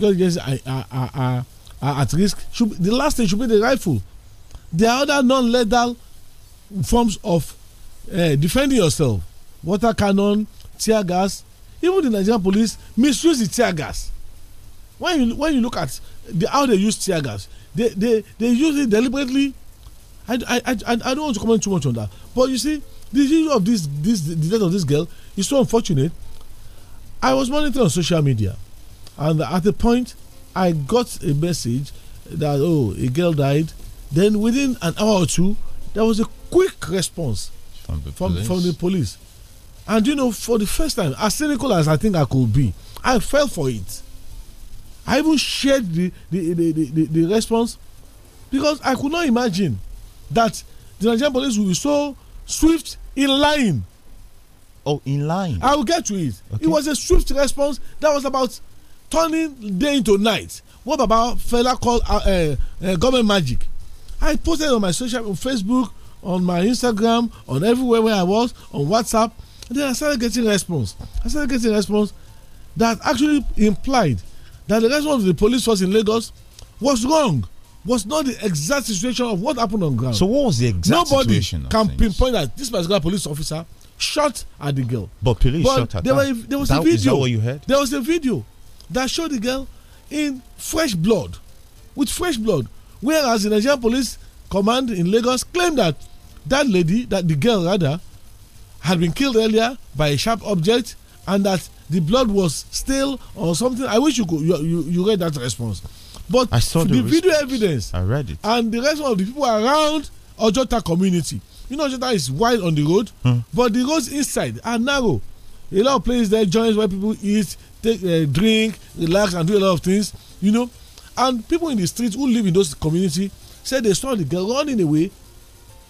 because yes are, at risk should be, the last thing should be the rifle there are other non-lethal forms of uh, defending yourself water cannon tear gas even the nigerian police misuse the tear gas when you when you look at the, how they use tear gas they they they use it deliberately I, I i i don't want to comment too much on that but you see the issue of this this the death of this girl is so unfortunate i was monitoring on social media and at the point, I got a message that, oh, a girl died. Then within an hour or two, there was a quick response from the, from, police. From the police. And you know, for the first time, as cynical as I think I could be, I fell for it. I even shared the, the, the, the, the response because I could not imagine that the Nigerian police will be so swift in line. Oh, in line. I will get to it. Okay. It was a swift response that was about turning day into night what about fella called uh, uh, uh, government magic i posted on my social on facebook on my instagram on everywhere where i was on whatsapp and then i started getting response i started getting response that actually implied that the response of the police force in lagos was wrong was not the exact situation of what happened on ground. So what was the exact Nobody situation? Nobody can pinpoint that this particular police officer shot at the girl. But police but shot at there, there was that, a video. Is that what you heard? There was a video that showed the girl in fresh blood, with fresh blood. Whereas the Nigerian Police Command in Lagos claimed that that lady, that the girl rather, had been killed earlier by a sharp object and that the blood was stale or something. I wish you could, you, you, you read that response. But I saw the, the video evidence. I read it. And the rest of the people around Ojota community. You know, Ojota is wide on the road, hmm. but the roads inside are narrow. A lot of places there joints where people eat, take uh, drink relax and do a lot of things you know and people in the streets who live in those community said they saw the girl running away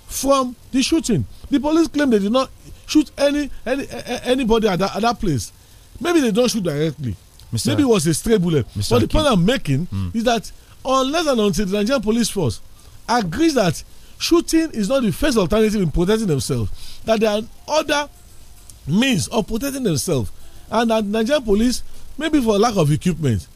from the shooting the police claim they did not shoot any any eh, eh, anybody at that, at that place maybe they don't shoot directly Mr. maybe it was a stray bullet Mr. but the point i'm making mm. is that unless and until the nigerian police force agrees that shooting is not the first alternative in protecting themselves that there are other means of protecting themselves and that nigerian police maybe for lack of equipment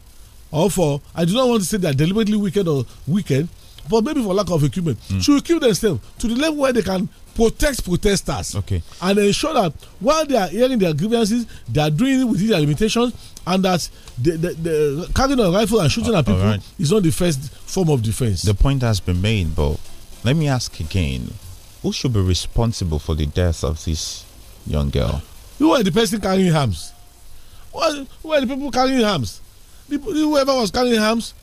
or for i do not want to say they are deliberately wicked or wicked but maybe for lack of equipment mm. should equip themselves to the level where they can protect protesters okay and ensure that while they are hearing their grievances they are doing it within their limitations and that the, the, the carrying a rifle and shooting uh, at people right. is not the first form of defense the point has been made but let me ask again who should be responsible for the death of this young girl you are the person carrying arms who are the people carrying arms? People, whoever was carrying arms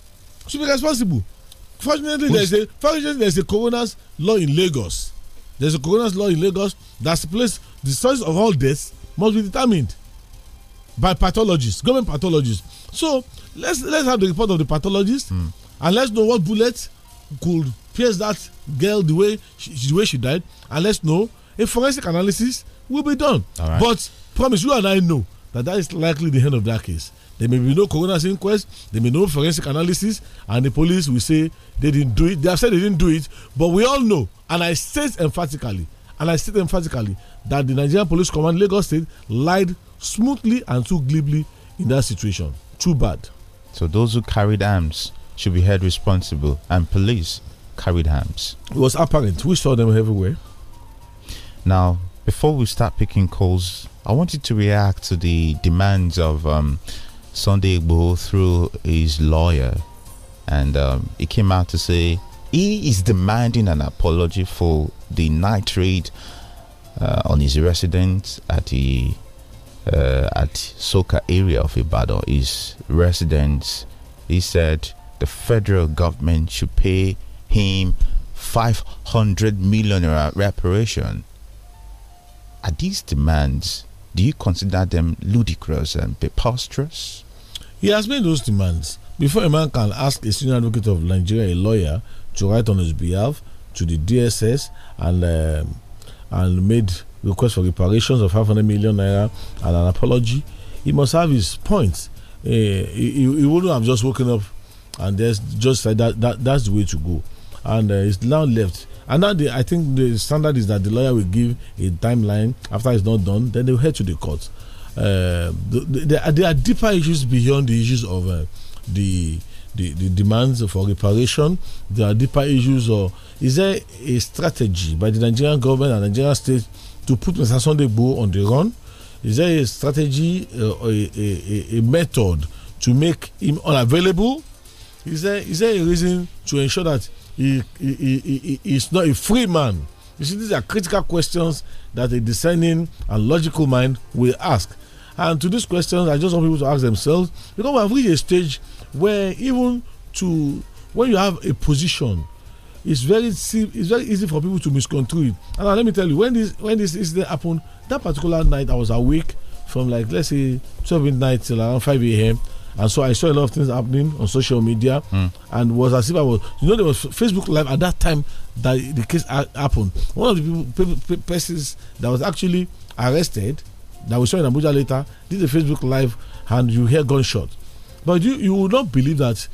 should be responsible. Fortunately, there's a fortunately there's a coroner's law in Lagos. There's a coroner's law in Lagos that's place the source of all deaths must be determined by pathologists, government pathologists. So let's let's have the report of the pathologist mm. and let's know what bullet could pierce that girl the way she, the way she died, and let's know a forensic analysis will be done. Right. But promise you and I know that that is likely the end of that case. There may be no coroner's inquest, there may be no forensic analysis, and the police will say they didn't do it. They have said they didn't do it, but we all know, and I state emphatically, and I state emphatically that the Nigerian Police Command Lagos State lied smoothly and too glibly in that situation. Too bad. So those who carried arms should be held responsible, and police carried arms. It was apparent. We saw them everywhere. Now, before we start picking calls I wanted to react to the demands of um, Sunday Igbo through his lawyer. And um, he came out to say he is demanding an apology for the nitrate uh, on his residence at the uh, at Soka area of Ibadan. His residence, he said, the federal government should pay him 500 million reparation. Are these demands do you consider them ludicrous and preposterous? He has made those demands. Before a man can ask a senior advocate of Nigeria, a lawyer, to write on his behalf to the DSS and um, and made request for reparations of 500 million naira and an apology, he must have his points. Uh, eh, he, he, wouldn't have just woken up and just said that, that that's the way to go. And uh, it's now left and now the, I think the standard is that the lawyer will give a timeline. After it's not done, then they will head to the court. Uh, the, the, there are deeper issues beyond the issues of uh, the, the, the demands for reparation. There are deeper issues of is there a strategy by the Nigerian government and Nigerian state to put Mr. Sunday Bo on the run? Is there a strategy uh, or a, a, a method to make him unavailable? Is there is there a reason to ensure that he, he, he, is not a free man. You see, these are critical questions that a discerning and logical mind will ask. And to these questions, I just want people to ask themselves because we have reached a stage where even to when you have a position, it's very it's very easy for people to misconstrue it. And now let me tell you, when this when this incident happened, that particular night I was awake from like let's say 12 midnight till around 5 a.m and so I saw a lot of things happening on social media, mm. and was as if I was, you know, there was Facebook Live at that time that the case happened. One of the people, persons that was actually arrested, that we saw in Abuja later, did a Facebook Live, and you hear gunshot. But you you would not believe that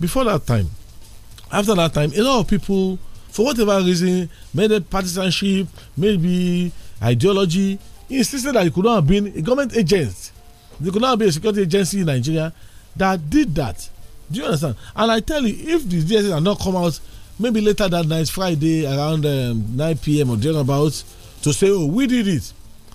before that time, after that time, a lot of people, for whatever reason, maybe partisanship, maybe ideology, insisted that you could not have been a government agent the could not be a security agency in Nigeria that did that. Do you understand? And I tell you, if the DSS had not come out, maybe later that night, Friday around um, 9 p.m. or thereabouts, to say, oh, we did it.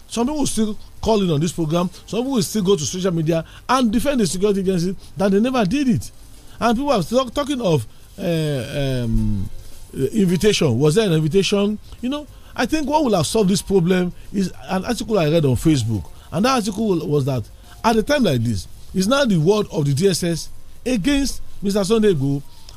Some people will still call in on this program. Some people will still go to social media and defend the security agency that they never did it. And people are still talking of uh, um, uh, invitation. Was there an invitation? You know, I think what will have solved this problem is an article I read on Facebook. And that article was that at a time like this it's now the word of the dss against mr sunday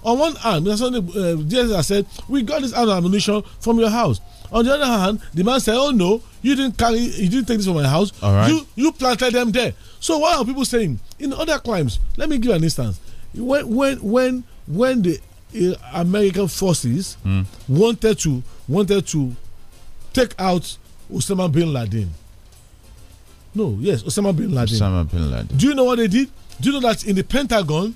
on one hand mr sunday uh, dss said we got this ammunition from your house on the other hand the man said oh no you didn't carry you didn't take this from my house you you planted them there so what are people saying in other crimes let me give an instance when when when when the uh, american forces mm. wanted to wanted to take out osama bin laden no, yes, Osama bin Laden. Osama bin Laden. Do you know what they did? Do you know that in the Pentagon,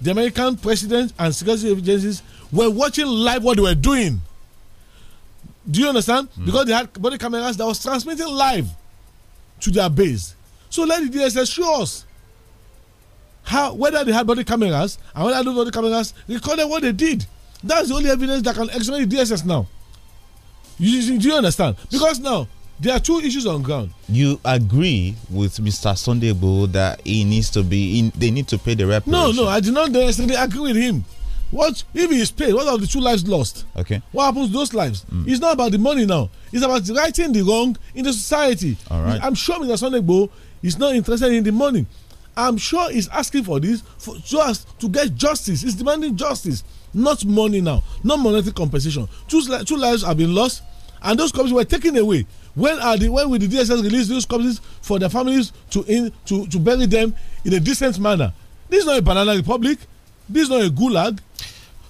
the American president and security agencies were watching live what they were doing? Do you understand? Mm. Because they had body cameras that was transmitting live to their base. So let the DSS show us how whether they had body cameras and whether those body cameras recorded what they did. That's the only evidence that can explain the DSS now. You, do you understand? Because now there are two issues on ground. You agree with Mr. Sundaybo that he needs to be in, they need to pay the reparation. No, no, I do not necessarily agree with him. What if he is paid? What are the two lives lost? Okay. What happens to those lives? Mm. It's not about the money now. It's about righting the wrong in the society. All right. I'm sure Mr. Sundaybo is not interested in the money. I'm sure he's asking for this for, so to get justice. He's demanding justice, not money now, not monetary compensation. Two, two lives have been lost, and those companies were taken away when are the when will the DSS release those corpses for their families to in to, to bury them in a decent manner? This is not a banana republic. This is not a gulag.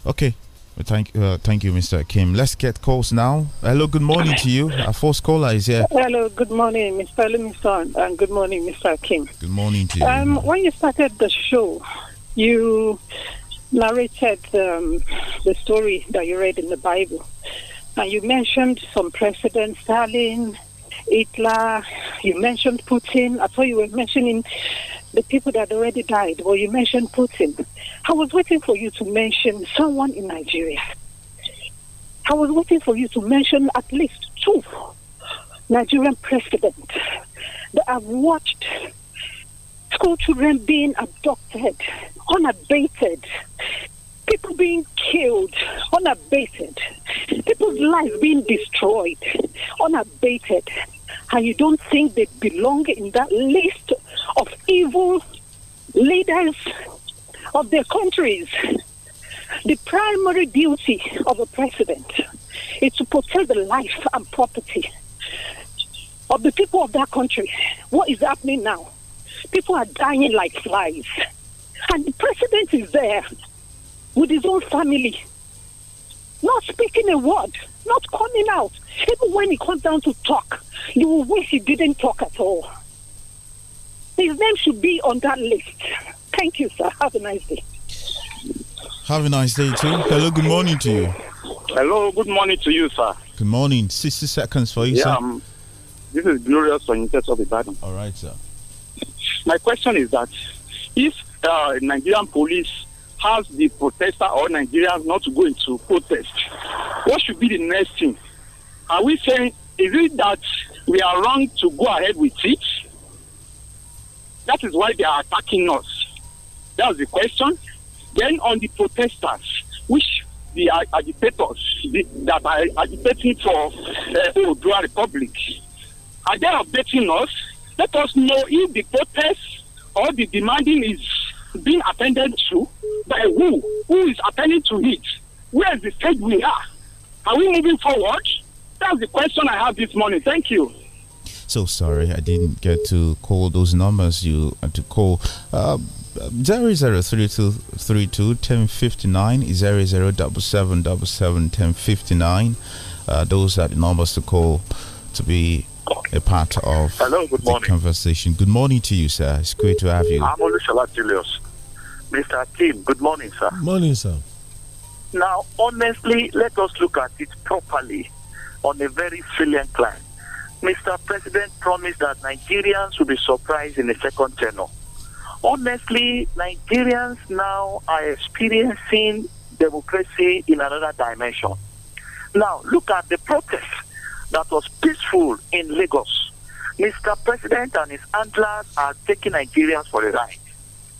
Okay. Well, uh, thank, uh, thank you, Mr. Kim. Let's get calls now. Hello, good morning to you. Our first caller is here. Hello, good morning, Mr. Livingston, and good morning, Mr. Kim. Good morning to you. Um, when you started the show, you narrated um, the story that you read in the Bible you mentioned some presidents, Stalin, Hitler, you mentioned Putin. I thought you were mentioning the people that already died. Well, you mentioned Putin. I was waiting for you to mention someone in Nigeria. I was waiting for you to mention at least two Nigerian presidents that I've watched school children being abducted, unabated, people being killed unabated, people's lives being destroyed unabated, and you don't think they belong in that list of evil leaders of their countries. The primary duty of a president is to protect the life and property of the people of that country. What is happening now? People are dying like flies. And the president is there with his own family, not speaking a word, not coming out. Even when he comes down to talk, you will wish he didn't talk at all. His name should be on that list. Thank you, sir. Have a nice day. Have a nice day too. Hello, good morning to you. Hello, good morning to you, sir. Good morning. 60 seconds for you, yeah, sir. Um, this is Glorious from University of Ibadan. All right, sir. My question is that if uh, Nigerian police ask the protester or Nigerians not to go into protest. What should be the next thing? Are we saying, is it that we are wrong to go ahead with it? That is why they are attacking us. That's the question. Then on the protesters, which the agitators that are agitating for uh, Odua Republic, are they updating us? Let us know if the protest or the demanding is being attended to by who? Who is attending to it? Where is the state we are? Are we moving forward? That's the question I have this morning. Thank you. So sorry, I didn't get to call those numbers you had to call. Uh, um, 003232 uh, those are the numbers to call to be a part of Hello, good morning. conversation. Good morning to you, sir. It's great to have you. I'm Olusola Julius. Mr. Kim, Good morning, sir. Morning, sir. Now, honestly, let us look at it properly on a very salient line. Mr. President promised that Nigerians will be surprised in the second tenor. Honestly, Nigerians now are experiencing democracy in another dimension. Now, look at the protest that was peaceful in Lagos. Mr. President and his handlers are taking Nigerians for a ride.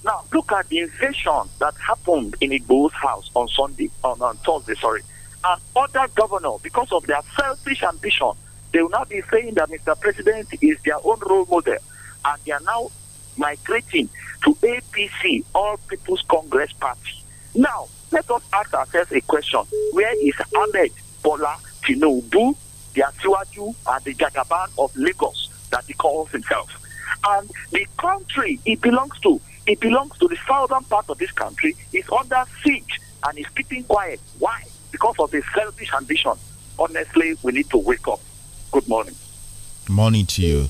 Now, look at the invasion that happened in Igbo's house on Sunday, on, on Thursday, sorry. And other governors, because of their selfish ambition, they will now be saying that Mr. President is their own role model. And they are now migrating to APC, All People's Congress Party. Now, let us ask ourselves a question. Where is Ahmed Bola Tinubu, the Asiwaju, and the Jagaban of Lagos that he calls himself? And the country he belongs to it belongs to the southern part of this country. It's under siege and it's keeping quiet. Why? Because of a selfish ambition. Honestly, we need to wake up. Good morning. Morning to you.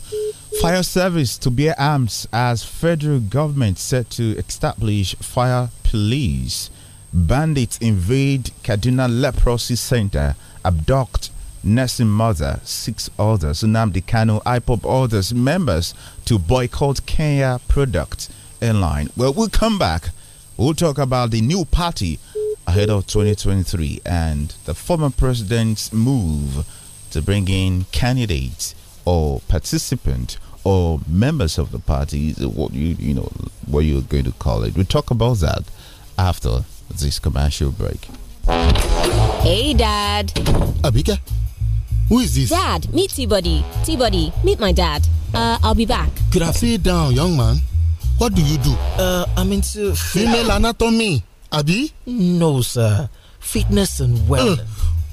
Fire service to bear arms as federal government set to establish fire police. Bandits invade Kaduna Leprosy Center, abduct nursing mother, six others, Nnamdi Kanu, IPOP others, members to boycott Kenya products airline. Well, we'll come back. We'll talk about the new party ahead of 2023 and the former president's move to bring in candidates or participants or members of the party, what you you know what you're going to call it. We'll talk about that after this commercial break. Hey, Dad. Abika, who is this? Dad, meet T-Body. T-Body, meet my dad. Uh, I'll be back. Could I sit down, young man? what do you do. Uh, i'm into. female anatomy abi. no sir fitness and uh, wellness. Uh,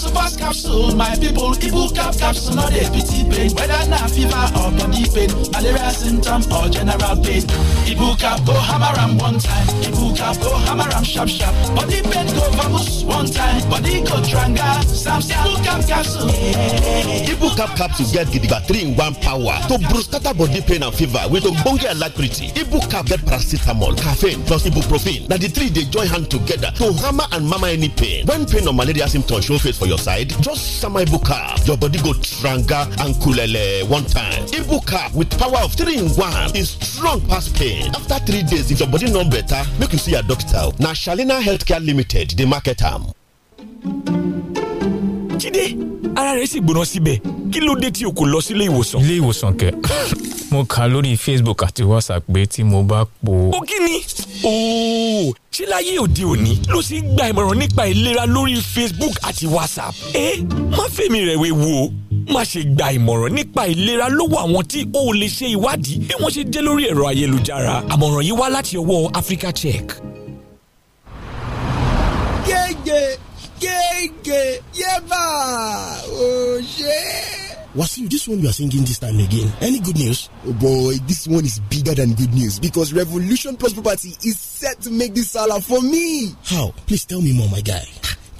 capsule fast capsule my people ibucap capsule no dey pity pain whether na fever or body pain malaria symptom or general pain ibucap go hammer am one time ibucap go hammer am sharp sharp body pain go vamoose one time body go dranga. tranga samson ibucap capsule. ibucap capsule get gidigba three in one power to boost body pain and fever with ogbonge alacrity ibucap get paracetamol caffeine plus ibuprofen Now the three they join hand together to hammer and mama any pain when pain or malaria symptom show face for your side, just some ibuka, Your body go tranga and kulele one time. Ibuka with power of 3 in 1 is strong pass pain. After 3 days, if your body no better, make you see a doctor. Now Shalina Healthcare Limited, the market arm. Jídé ara rẹ̀ sì gbóná síbẹ̀ kí ló dé tí o kò lọ sílé ìwòsàn. ilé ìwòsàn kẹ mo kà lórí Facebook àti WhatsApp pé tí mo bá po. ó kí ni ooo ṣé láyé òde òní ló sì ń gba ìmọ̀ràn nípa ìlera lórí Facebook àti WhatsApp. ẹ má fèmí rẹ̀ wéwu o má ṣe gba ìmọ̀ràn nípa ìlera lọ́wọ́ àwọn tí ó lè ṣe ìwádìí bí wọ́n ṣe jẹ́ lórí ẹ̀rọ ayélujára àmọ̀ràn yìí wá láti ọwọ́ Africa Check. yéèyé gege yeba o ṣe. Wasim, this one you are singing this time again. Any good news? Oh boy, this one is bigger than good news because Revolution Plus Property is set to make this salah for me. How? Please tell me more, my guy.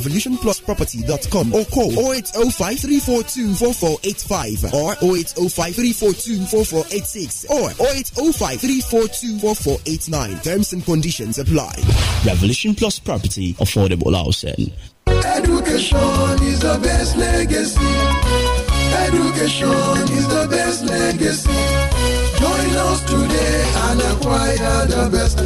revolutionplusproperty.com or call 08053424485 or 08053424486 or 08053424489. Terms and conditions apply. Revolution Plus Property Affordable Housing. Education is the best legacy. Education is the best legacy. Join us today and acquire the best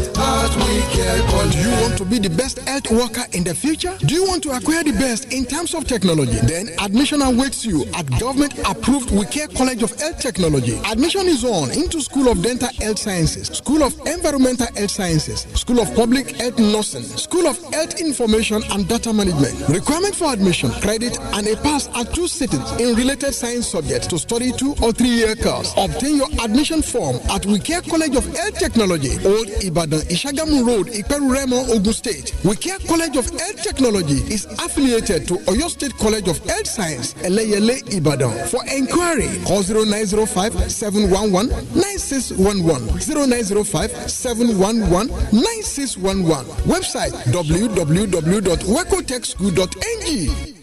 do you want to be the best health worker in the future? Do you want to acquire the best in terms of technology? Then admission awaits you at government approved WeCare College of Health Technology. Admission is on into School of Dental Health Sciences, School of Environmental Health Sciences, School of Public Health Nursing, School of Health Information and Data Management. Requirement for admission, credit, and a pass are two settings in related science subjects to study two or three year course. Obtain your admission form at WeCare College of Health Technology, Old Ibadan Ishag Sagamu Road, Iperuremo, Ogun State. Wikia College of Health Technology is affiliated to Oyo State College of Health Science, Eleyele, Ibadan. For inquiry, call 0905 711 9611. 0905 711 9611. Website www.wecotechschool.ng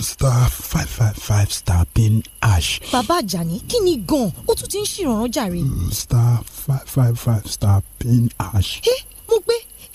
star five five five star pin hash. bàbá àjàní kí ni gan-an ó tún ti ń ṣèrànràn jàre. star five five five star pin hash. ẹ mo gbé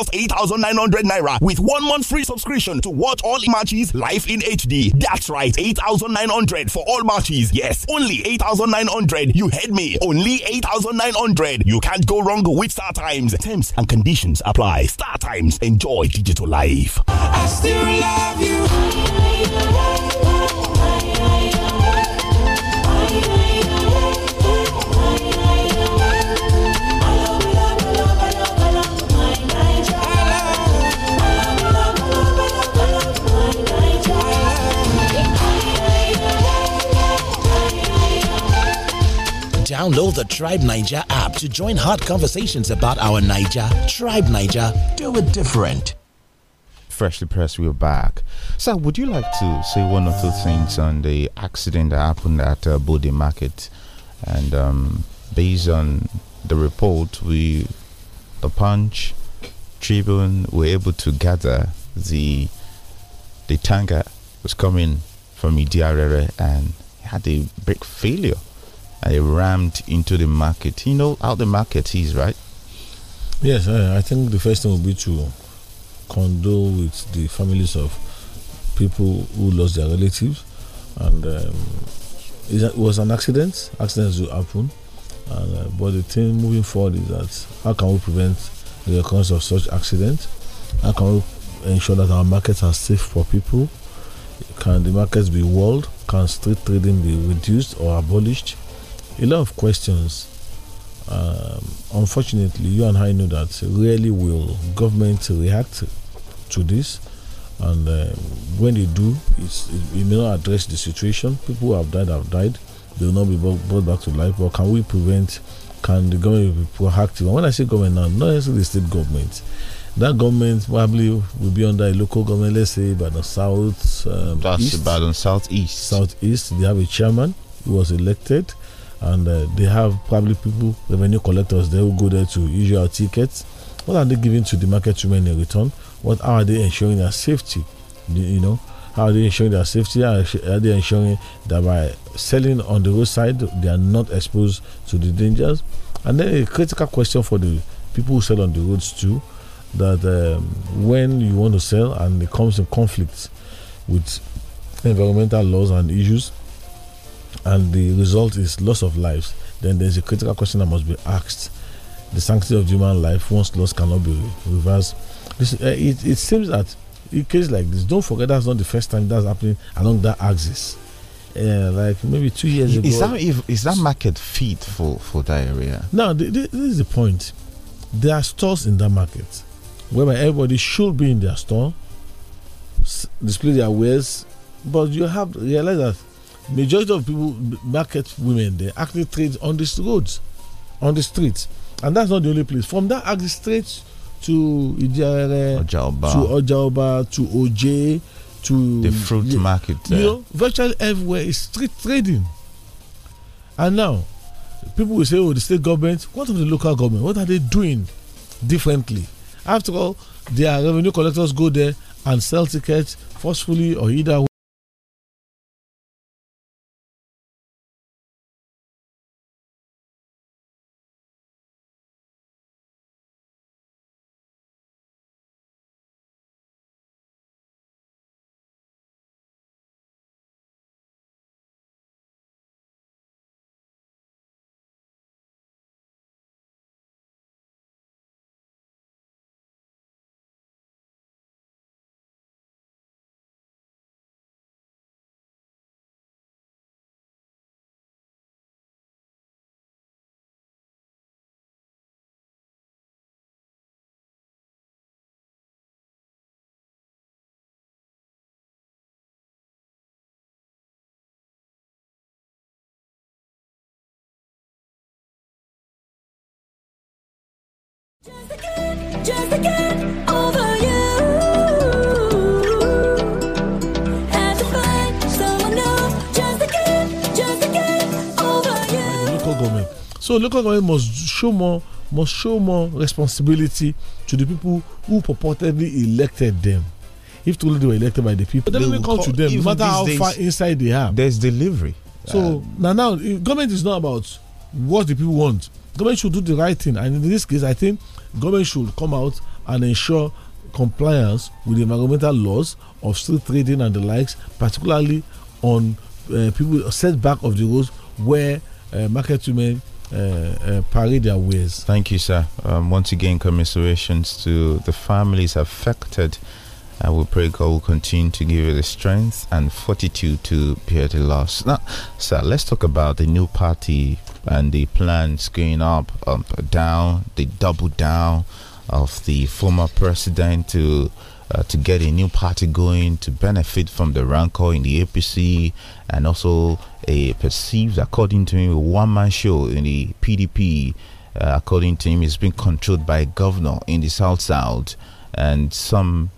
just 8,900 naira with one month free subscription to watch all matches live in HD. That's right, 8,900 for all matches. Yes, only 8,900. You heard me. Only 8,900. You can't go wrong with Star Times. Terms and conditions apply. Star Times. Enjoy digital life. Download the Tribe Niger app to join hot conversations about our Niger. Tribe Niger, do it different. Freshly pressed, we're back. Sir, would you like to say one or two things on the accident that happened at uh, body Market? And um, based on the report, we, the Punch, Tribune, were able to gather the the tanker was coming from Idiarere and had a brake failure I rammed into the market. You know how the market is, right? Yes, I, I think the first thing would be to condole with the families of people who lost their relatives, and um, it was an accident. Accidents do happen, and, uh, but the thing moving forward is that how can we prevent the occurrence of such accidents? How can we ensure that our markets are safe for people? Can the markets be walled? Can street trading be reduced or abolished? a lot of questions. Um, unfortunately, you and I know that rarely will government react to this, and um, when they do, it, it may not address the situation. People who have died have died; they will not be brought back to life. But can we prevent? Can the government be proactive? And when I say government now, not necessarily the state government that government probably will be under a local government, let's say by the South. Um, That's Ibadan Southeast. Southeast, they have a chairman who was elected and uh, they have probably people revenue collectors they will go there to issue your tickets what are they giving to the market women in return what are they ensuring their safety you know how are they ensuring their safety are they ensuring that by selling on the roadside they are not exposed to the dangers and then a critical question for the people who sell on the roads too that um, when you want to sell and it comes in conflict with environmental laws and issues and the result is loss of lives, then there's a critical question that must be asked. The sanctity of human life, once lost, cannot be reversed. This, uh, it, it seems that in cases like this, don't forget that's not the first time that's happening along that axis. Uh, like maybe two years is ago. That, if, is that market fit for, for diarrhea? No, this is the point. There are stores in that market whereby everybody should be in their store, display their wares, but you have realized that majority of people market women they actually trade on these roads on the streets and that's not the only place from that actually straight to Idiare, Ojaoba. to Ojaoba, to OJ, to the fruit yeah, market. There. You know, virtually everywhere is street trading. And now, people will say, "Oh, the state government. What of the local government? What are they doing differently?" After all, their revenue collectors go there and sell tickets forcefully or either you. So local government must show more must show more responsibility to the people who purportedly elected them. If truly they were elected by the people, they, they will come call, to them, no matter how days, far inside they are. There's delivery. So uh, now, now government is not about what the people want government should do the right thing. And in this case, I think government should come out and ensure compliance with the environmental laws of street trading and the likes, particularly on uh, people setback of the roads where uh, market women uh, uh, their ways. Thank you, sir. Um, once again, commiserations to the families affected. I will pray God will continue to give you the strength and fortitude to bear the loss. Now, sir, let's talk about the new party and the plans going up, up, down, the double down of the former president to uh, to get a new party going, to benefit from the rancor in the APC, and also a perceived, according to him, one-man show in the PDP. Uh, according to him, is being controlled by a governor in the South South, and some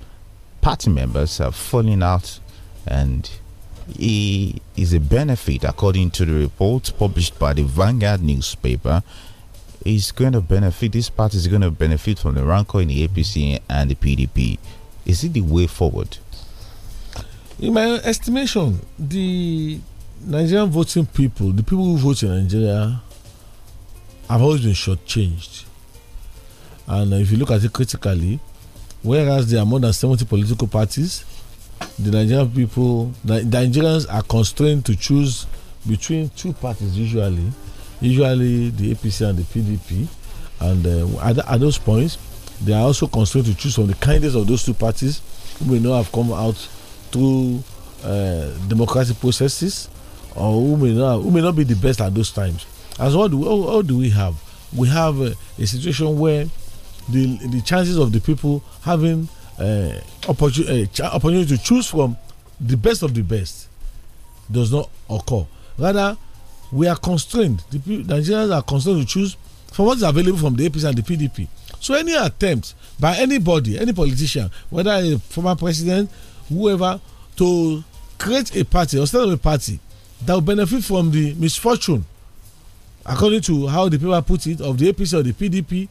party members have fallen out, and he is a benefit, according to the report published by the Vanguard newspaper. Is going to benefit. This party is going to benefit from the rancor in the APC and the PDP. Is it the way forward? In my estimation, the Nigerian voting people, the people who vote in Nigeria, have always been shortchanged. And if you look at it critically, whereas there are more than 70 political parties, the Nigerian people, the Nigerians are constrained to choose between two parties usually, usually the APC and the PDP. And uh, at, at, those points, they are also constrained to choose from the kindest of those two parties who may not have come out through uh, democratic processes or who may, not, who may not be the best at those times. As what do, we, do we have? We have uh, a situation where the, the chances of the people having uh, eh, opportunity, uh, eh, opportunity to choose from the best of the best does not occur. Rather, we are constrained. The Nigerians are constrained to choose from what is available from the APC and the PDP. So any attempt by anybody, any politician, whether a former president, whoever, to create a party or set up a party that will benefit from the misfortune, according to how the paper put it, of the APC or the PDP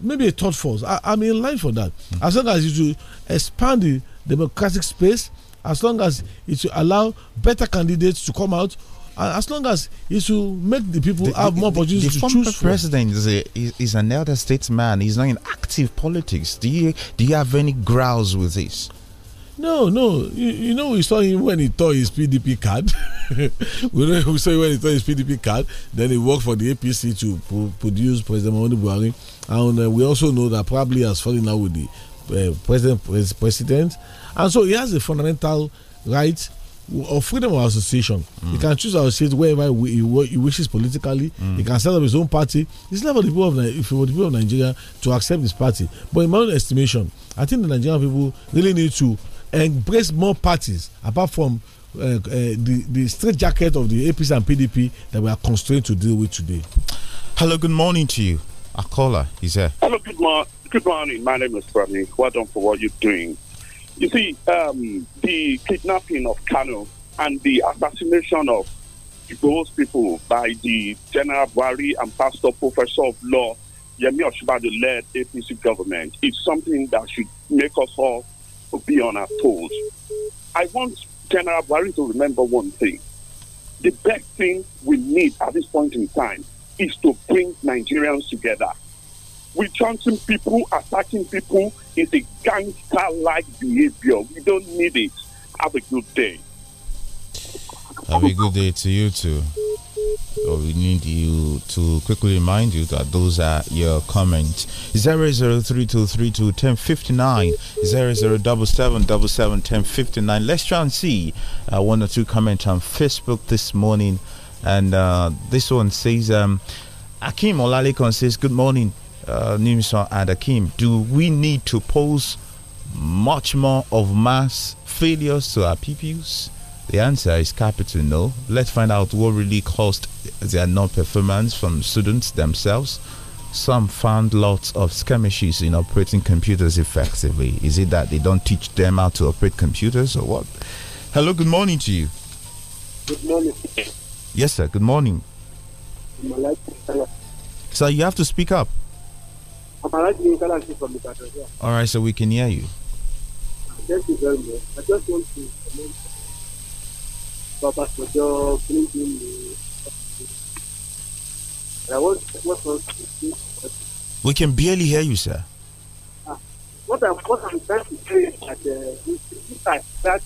maybe a thought force. I, am in line for that. Mm As long as you expand the democratic space, as long as it will allow better candidates to come out, and as long as it will make the people the, have the, more opportunities to choose. The former president is, a, is, an elder statesman. He's not in active politics. Do you do you have any grouse with this? No, no. You, you, know, we saw him when he tore his PDP card. we, we saw him when he tore his PDP card. Then he worked for the APC to pro produce President Mahmoud Buhari. And uh, we also know that probably has fallen out with the uh, president, pres president. And so he has a fundamental right of freedom of association. Mm. He can choose our seat wherever he, he wishes politically. Mm. He can set up his own party. It's never the people of if it were the people of Nigeria to accept his party. But in my own estimation, I think the Nigerian people really need to embrace more parties apart from uh, uh, the, the jacket of the APC and PDP that we are constrained to deal with today. Hello, good morning to you. Akola, is here. Hello, good, mo good morning. My name is Rami. Well done for what you're doing. You see, um, the kidnapping of Kano and the assassination of those people by the General Bari and Pastor Professor of Law, Yemi Oshibadu led APC government is something that should make us all to be on our toes. I want General Buhari to remember one thing. The best thing we need at this point in time is to bring Nigerians together. We're chanting people, attacking people is a gangster like behavior. We don't need it. Have a good day. Have a good day to you too we need you to quickly remind you that those are your comments. 32321059 0077771059. Let's try and see uh, one or two comments on Facebook this morning. And uh, this one says, um, Akim Olalekan says, Good morning, uh, Nimson and Akim. Do we need to pose much more of mass failures to our peoples?'" The answer is capital no. Let's find out what really caused their non performance from students themselves. Some found lots of skirmishes in operating computers effectively. Is it that they don't teach them how to operate computers or what? Hello, good morning to you. Good morning. Yes, sir, good morning. Sir, you have to speak up. All right, so we can hear you. Thank you very much. I just want to papas con yo, printing and what, what was We can barely hear you, sir. Ah, what, I'm, what I'm trying to say is that uh, this, that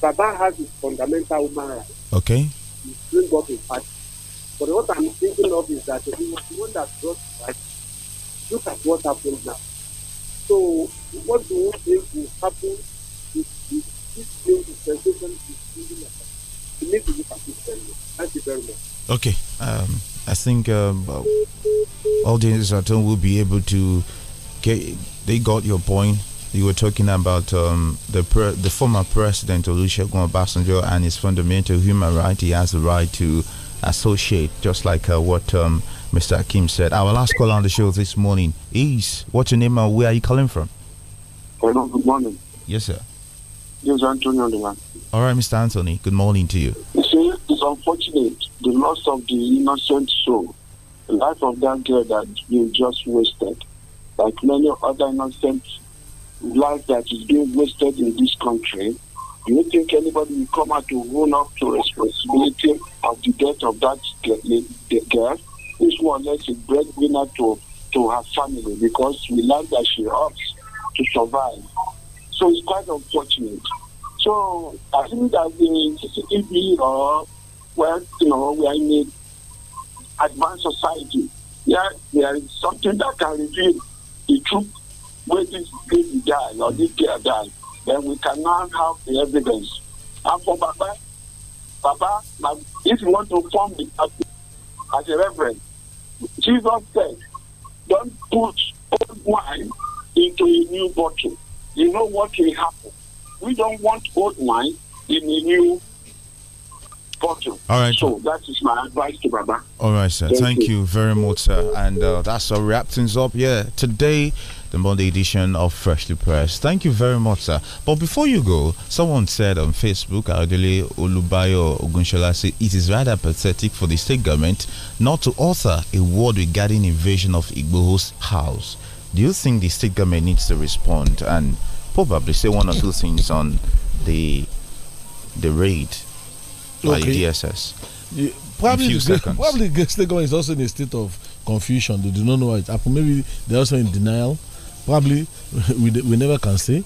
Baba has his fundamental human rights. Okay. He's doing what his party. But what I'm thinking of is that he was the one that brought right. Look at what happened now. So, what do you think will happen if, this thing is sensation is to make the difference Thank you very much. Okay. Um, I think um, audience at home will be able to get. They got your point. You were talking about um, the the former president Olusegun Obasanjo and his fundamental human right. He has the right to associate, just like uh, what um, Mr. Akim said. Our last call on the show this morning is what's your name and where are you calling from? Hello, good morning. Yes, sir. All right, Mr. Anthony, good morning to you. You see, it's unfortunate the loss of the innocent soul, the life of that girl that you just wasted, like many other innocent life that is being wasted in this country. Do you think anybody will come out to own up to responsibility of the death of that girl? This more or a breadwinner to, to her family because we learned that she hopes to survive so it's quite unfortunate. So I think that the CCTV or, uh, well, you know, we are in an advanced society. Yeah, there is something that can reveal the truth where this baby died or this girl died. Then we cannot have the evidence. And for Baba, Baba, if you want to form the party as a reverend, Jesus said, don't put old wine into a new bottle you know what will happen. We don't want old wine in a new bottle. All right. So that is my advice to Baba. All right, sir. Thank, Thank you. you. very much, sir. And uh, that's a wrap things up. Yeah, today the Monday edition of Freshly Pressed. Thank you very much, sir. But before you go, someone said on Facebook, Adele Olubayo Ogunshola said, It is rather pathetic for the state government not to author a word regarding invasion of Igboho's house do you think the state government needs to respond and probably say one or two things on the the raid by okay. DSS? Yeah, probably, the, probably the state government is also in a state of confusion. They do not know what happened. Maybe they're also in denial. Probably we, we never can say.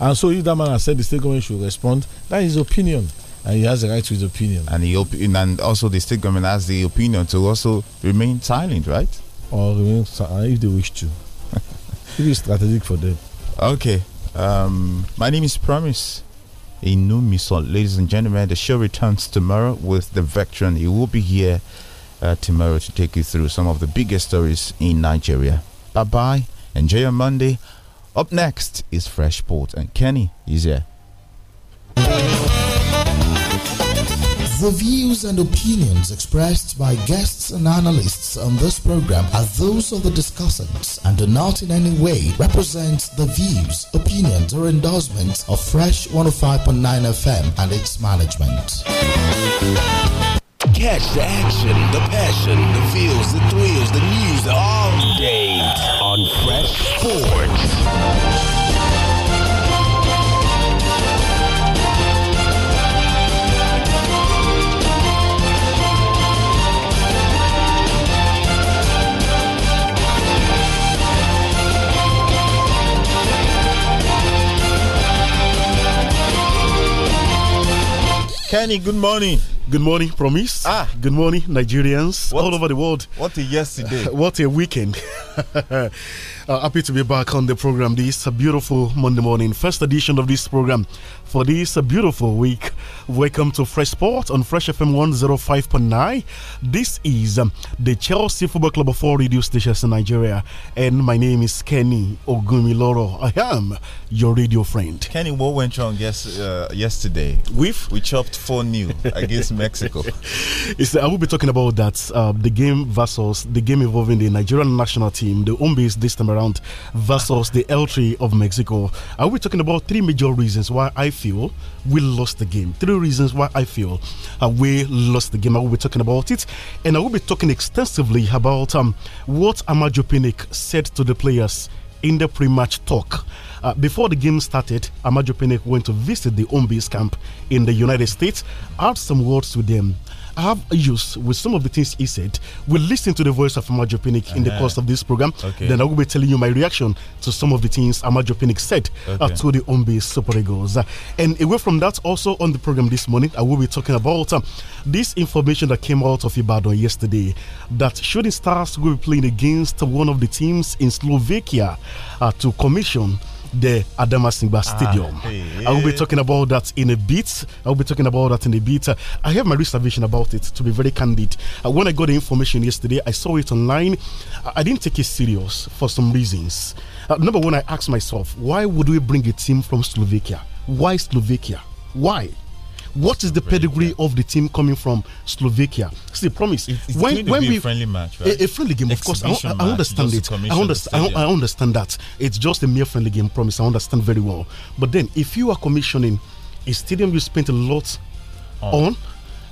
And so if that man has said the state government should respond, that is opinion and he has the right to his opinion. And he op and also the state government has the opinion to also remain silent, right? Or remain silent uh, if they wish to. It is strategic for them. Okay. Um, my name is Promise Inumison. Ladies and gentlemen, the show returns tomorrow with the veteran. He will be here uh, tomorrow to take you through some of the biggest stories in Nigeria. Bye bye. Enjoy your Monday. Up next is Freshport and Kenny is here. The views and opinions expressed by guests and analysts on this program are those of the discussants and do not in any way represent the views, opinions, or endorsements of Fresh 105.9 FM and its management. Catch the action, the passion, the feels, the thrills, the news all day on Fresh Sports. Kenny, good morning. Good morning, Promise. Ah. Good morning, Nigerians what, all over the world. What a yesterday. what a weekend. uh, happy to be back on the program. This a beautiful Monday morning, first edition of this program for this beautiful week. Welcome to Fresh Sport on Fresh FM 105.9. This is um, the Chelsea Football Club of four radio stations in Nigeria. And my name is Kenny Ogumiloro. I am your radio friend. Kenny, what went wrong yes, uh, yesterday? We've, we chopped 4 new against Mexico. it's, I will be talking about that uh, the game versus the game involving the Nigerian national team, the home base this time around, versus the L3 of Mexico. I will be talking about three major reasons why I feel we lost the game. Three reasons why I feel uh, we lost the game. I will be talking about it, and I will be talking extensively about um, what Amadio Pinnick said to the players in the pre-match talk uh, before the game started, Amaju Pinnick went to visit the home base camp in the United States, had some words with them. I have used with some of the things he said. We'll listen to the voice of Amadio Pinnick uh -huh. in the uh-huh. course of this program. Okay. Then I will be telling you my reaction to some of the things Amadio Pinnick said uh, okay. to the home base Super Eagles. Uh, and away from that, also on the program this morning, I will be talking about uh, this information that came out of Ibadan yesterday that Shooting Stars will be playing against one of the teams in Slovakia uh, to commission the Adamasimba ah, Stadium. Ah, I will be talking about that in a bit. I will be talking about that in a bit. Uh, I have my reservation about it, to be very candid. Uh, when I got the information yesterday, I saw it online. I, I didn't take it serious for some reasons. Uh, number one, I asked myself, why would we bring a team from Slovakia? Why Slovakia? Why? what is the pedigree of the team coming from Slovakia? See, promise. It's, it's when when we a friendly match, right? a, a, friendly game, Exhibition of course. I, I understand it. I understand. I, I understand that it's just a mere friendly game. Promise. I understand very well. But then, if you are commissioning a stadium, you spent a lot on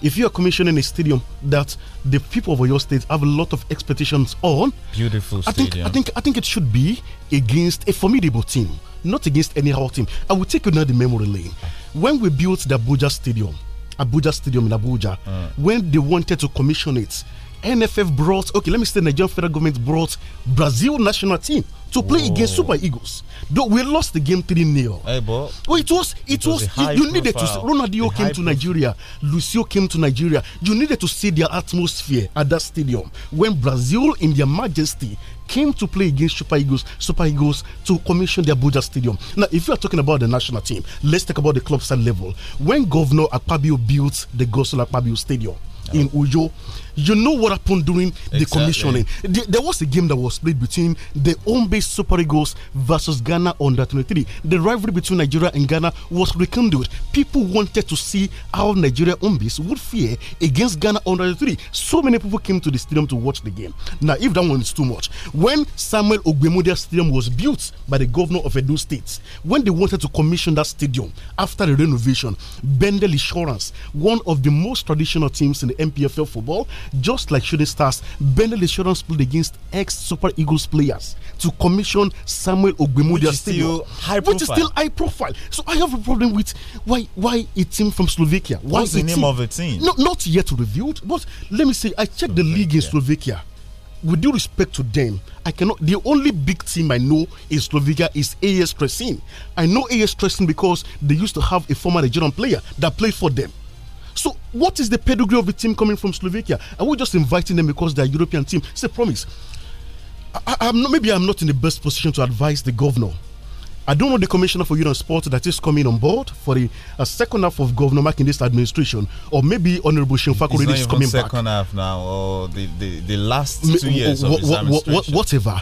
if you are commissioning a stadium that the people of your state have a lot of expectations on, beautiful stadium. I think I think I think it should be against a formidable team, not against any other team. I will take you now the memory lane. When we built the Abuja Stadium, Abuja Stadium in Abuja, mm. when they wanted to commission it, NFF brought, okay, let me say Nigerian federal government brought Brazil national team to play against Super Eagles. Though we lost the game 3 0. Hey, well, it was, it, it was, was you, you needed to. Ronaldo came to Nigeria, Lucio came to Nigeria. You needed to see their atmosphere at that stadium when Brazil, in their majesty, came to play against Super Eagles, Super Eagles to commission their Buja Stadium. Now, if you are talking about the national team, let's talk about the club side level. When Governor Akpabio built the Gosol Akpabio Stadium oh. in Uyo, you know what happened during exactly. the commissioning. The, there was a game that was played between the home based Super Eagles versus Ghana under 23. The rivalry between Nigeria and Ghana was rekindled. People wanted to see how Nigeria home base would fare against Ghana under 23. So many people came to the stadium to watch the game. Now, if that one is too much, when Samuel Ogbemudia Stadium was built by the governor of Edo State, when they wanted to commission that stadium after the renovation, Bendel Insurance, one of the most traditional teams in the MPFL football, just like Shooting Stars, Bendel Insurance played against ex Super Eagles players to commission Samuel Ogbemudia still high profile. Which is still high profile. So I have a problem with why why a team from Slovakia. Why What's the name team? of a team? No, not yet revealed, but let me say I checked Slovakia. the league in Slovakia with due respect to them, I cannot. The only big team I know in Slovakia is AS Tresin. I know AS Tresin because they used to have a former Nigerian player that played for them. So, what is the pedigree of the team coming from Slovakia? Are we just inviting them because they're a European team? It's a promise. I, I'm not, maybe I'm not in the best position to advise the governor. I don't know the commissioner for youth and sport that is coming on board for a, uh, second half of Governor Mark in this administration, or maybe Honorable Shin Fakuridi is coming second back. Second half now, or the, the, the last two years of his administration. Whatever.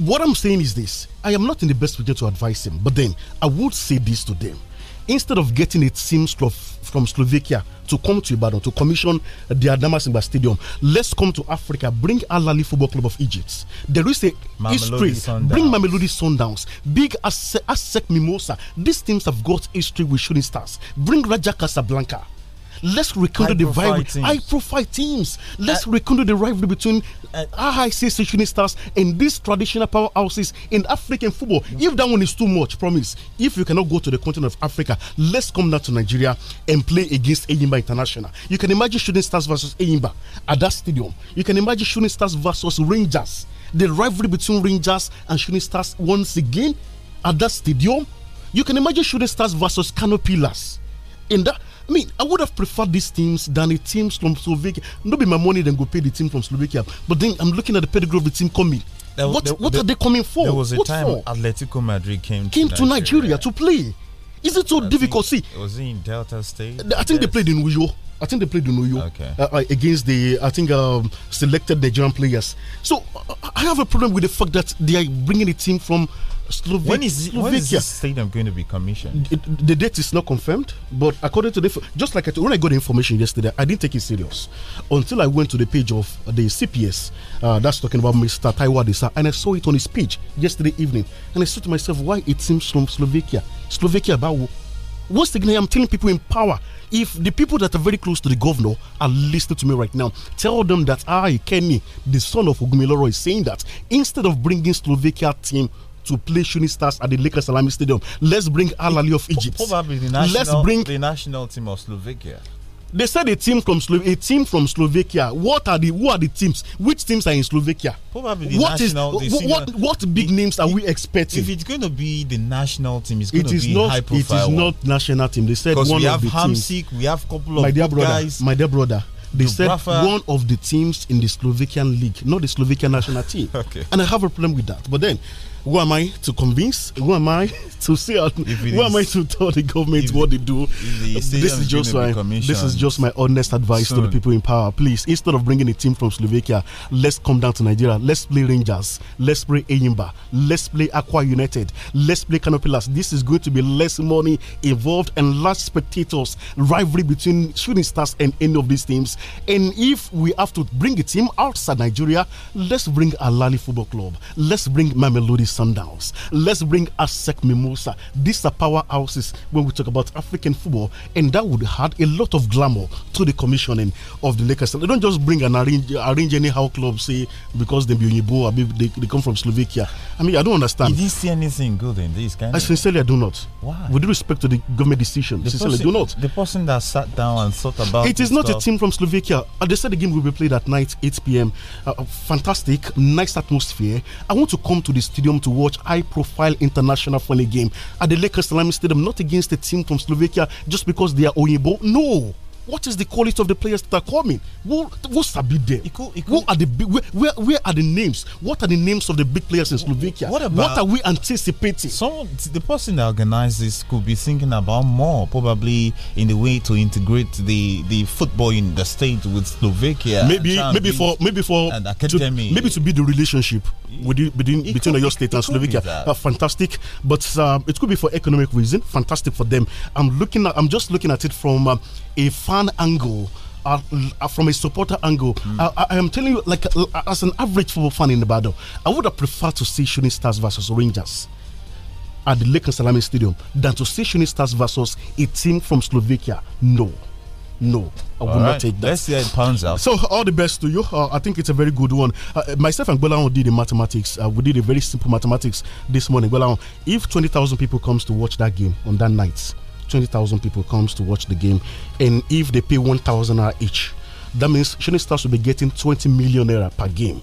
What I'm saying is this: I am not in the best position to advise him, but then I would say this to them instead of getting it seems from Slovakia to come to Ibadan to commission the Adamasimba Stadium. Let's come to Africa. Bring Al Ahly Football Club of Egypt. There is a Mamelodi history. Sundowns. Bring Mamelodi Sundowns. Big Asek Mimosa. These teams have got history with shooting stars. Bring Raja Casablanca. Let's rekindle the rivalry. High profile teams. Let's uh, rekindle the rivalry between uh, C. Uh, shooting stars and these traditional powerhouses in African football. Yeah. If that one is too much, promise. If you cannot go to the continent of Africa, let's come down to Nigeria and play against Eyimba International. You can imagine shooting stars versus Eyimba at that stadium. You can imagine shooting stars versus Rangers. The rivalry between Rangers and shooting stars once again at that stadium. You can imagine shooting stars versus Canopilas. In that I mean, I would have preferred these teams than the teams from Slovakia. Not be my money, then go pay the team from Slovakia. But then I'm looking at the pedigree of the team coming. There, what there, what there, are they coming for? There was a what time for? Atletico Madrid came came to Nigeria, Nigeria to play. Is it so I difficult? See, it was in Delta State. I think yes. they played in Uyo. I think they played in Uyo okay. uh, uh against the I think um, selected Nigerian players. So uh, I have a problem with the fact that they are bringing a team from when is, it, Slovakia. When is this stadium going to be commissioned? It, the date is not confirmed, but according to the just like I, when I got the information yesterday, I didn't take it serious until I went to the page of the CPS. Uh, that's talking about Mr. Taiwa Desa, and I saw it on his page yesterday evening, and I said to myself, why it seems from Slovakia, Slovakia about what's the I'm telling people in power. If the people that are very close to the governor are listening to me right now, tell them that I, Kenny, the son of Ogumiloro, is saying that instead of bringing Slovakia team to play Shooting Stars at the Lakers Alami Stadium. Let's bring Al Ali of Egypt. Probably the national, Let's bring the national team of Slovakia they said a team from Slo a team from Slovakia. What are the who are the teams? Which teams are in Slovakia? Probably what national, is, what, what what big it, names are it, we expecting? If it's going to be the national team, it's going it to be not, high profile. It is one. not national team. They said one of the Hamsik, teams. We have couple of my dear brother, guys. My dear brother. They said one of the teams in the Slovakian league, not the Slovakian national team. okay. And I have a problem with that. But then who am I to convince? Who am I to say? Who am I to tell the government what they do? This is just my this is just my honest advice soon. to the people in power. Please, instead of bringing a team from Slovakia, let's come down to Nigeria. Let's play Rangers. Let's play Enyimba. Let's play Aqua United. Let's play Canopilas. This is going to be less money involved and less spectators rivalry between shooting stars and any of these teams. And if we have to bring a team outside Nigeria, let's bring Alali Football Club. Let's bring Mamelodi Sundowns. Let's bring sec Mimosa. These are powerhouses when we talk about African football, and that would add a lot of glamour to the commissioning of the Lakers. They don't just bring and arrange, arrange anyhow club, say, because they be Unibo, they, they come from Slovakia. I mean, I don't understand. Did you see anything good in this kind I of sincerely, I do not. Why? With respect to the government decision, the sincerely, person, do not. The person that sat down and thought about it is not stuff. a team from Slovakia. Uh, they said the game will be played at night, 8 p.m. Uh, uh, fantastic, nice atmosphere. I want to come to the stadium come to watch high-profile international friendly game at the Lakers Stadium, not against a team from Slovakia just because they are Oyinbo. No. What is the quality of the players that are coming? Who who Who are the big, where, where, where are the names? What are the names of the big players in Slovakia? What about what are we anticipating? So the person that organized this could be thinking about more probably in the way to integrate the the football in the state with Slovakia. Maybe maybe for maybe for to, maybe to be the relationship within, between between your state and Slovakia. Uh, fantastic, but um, it could be for economic reason. Fantastic for them. I'm looking at I'm just looking at it from um, a fan fan angle. Uh, uh, from a supporter angle, mm. I, I, am telling you, like uh, uh as an average football fan in the battle, I would have preferred to see Shooting Stars versus Rangers at the Lake and Salami Stadium than to see Shooting Stars versus a team from Slovakia. No. No, I would right. not take that. Let's see how it pans out. So, all the best to you. Uh, I think it's a very good one. Uh, uh myself and Gwelaon did the mathematics. Uh, we did a very simple mathematics this morning. Gwelaon, if 20,000 people comes to watch that game on that night, 20,000 people comes to watch the game. And if they pay 1,000 naira each, that means Shining Stars will be getting 20 million naira per game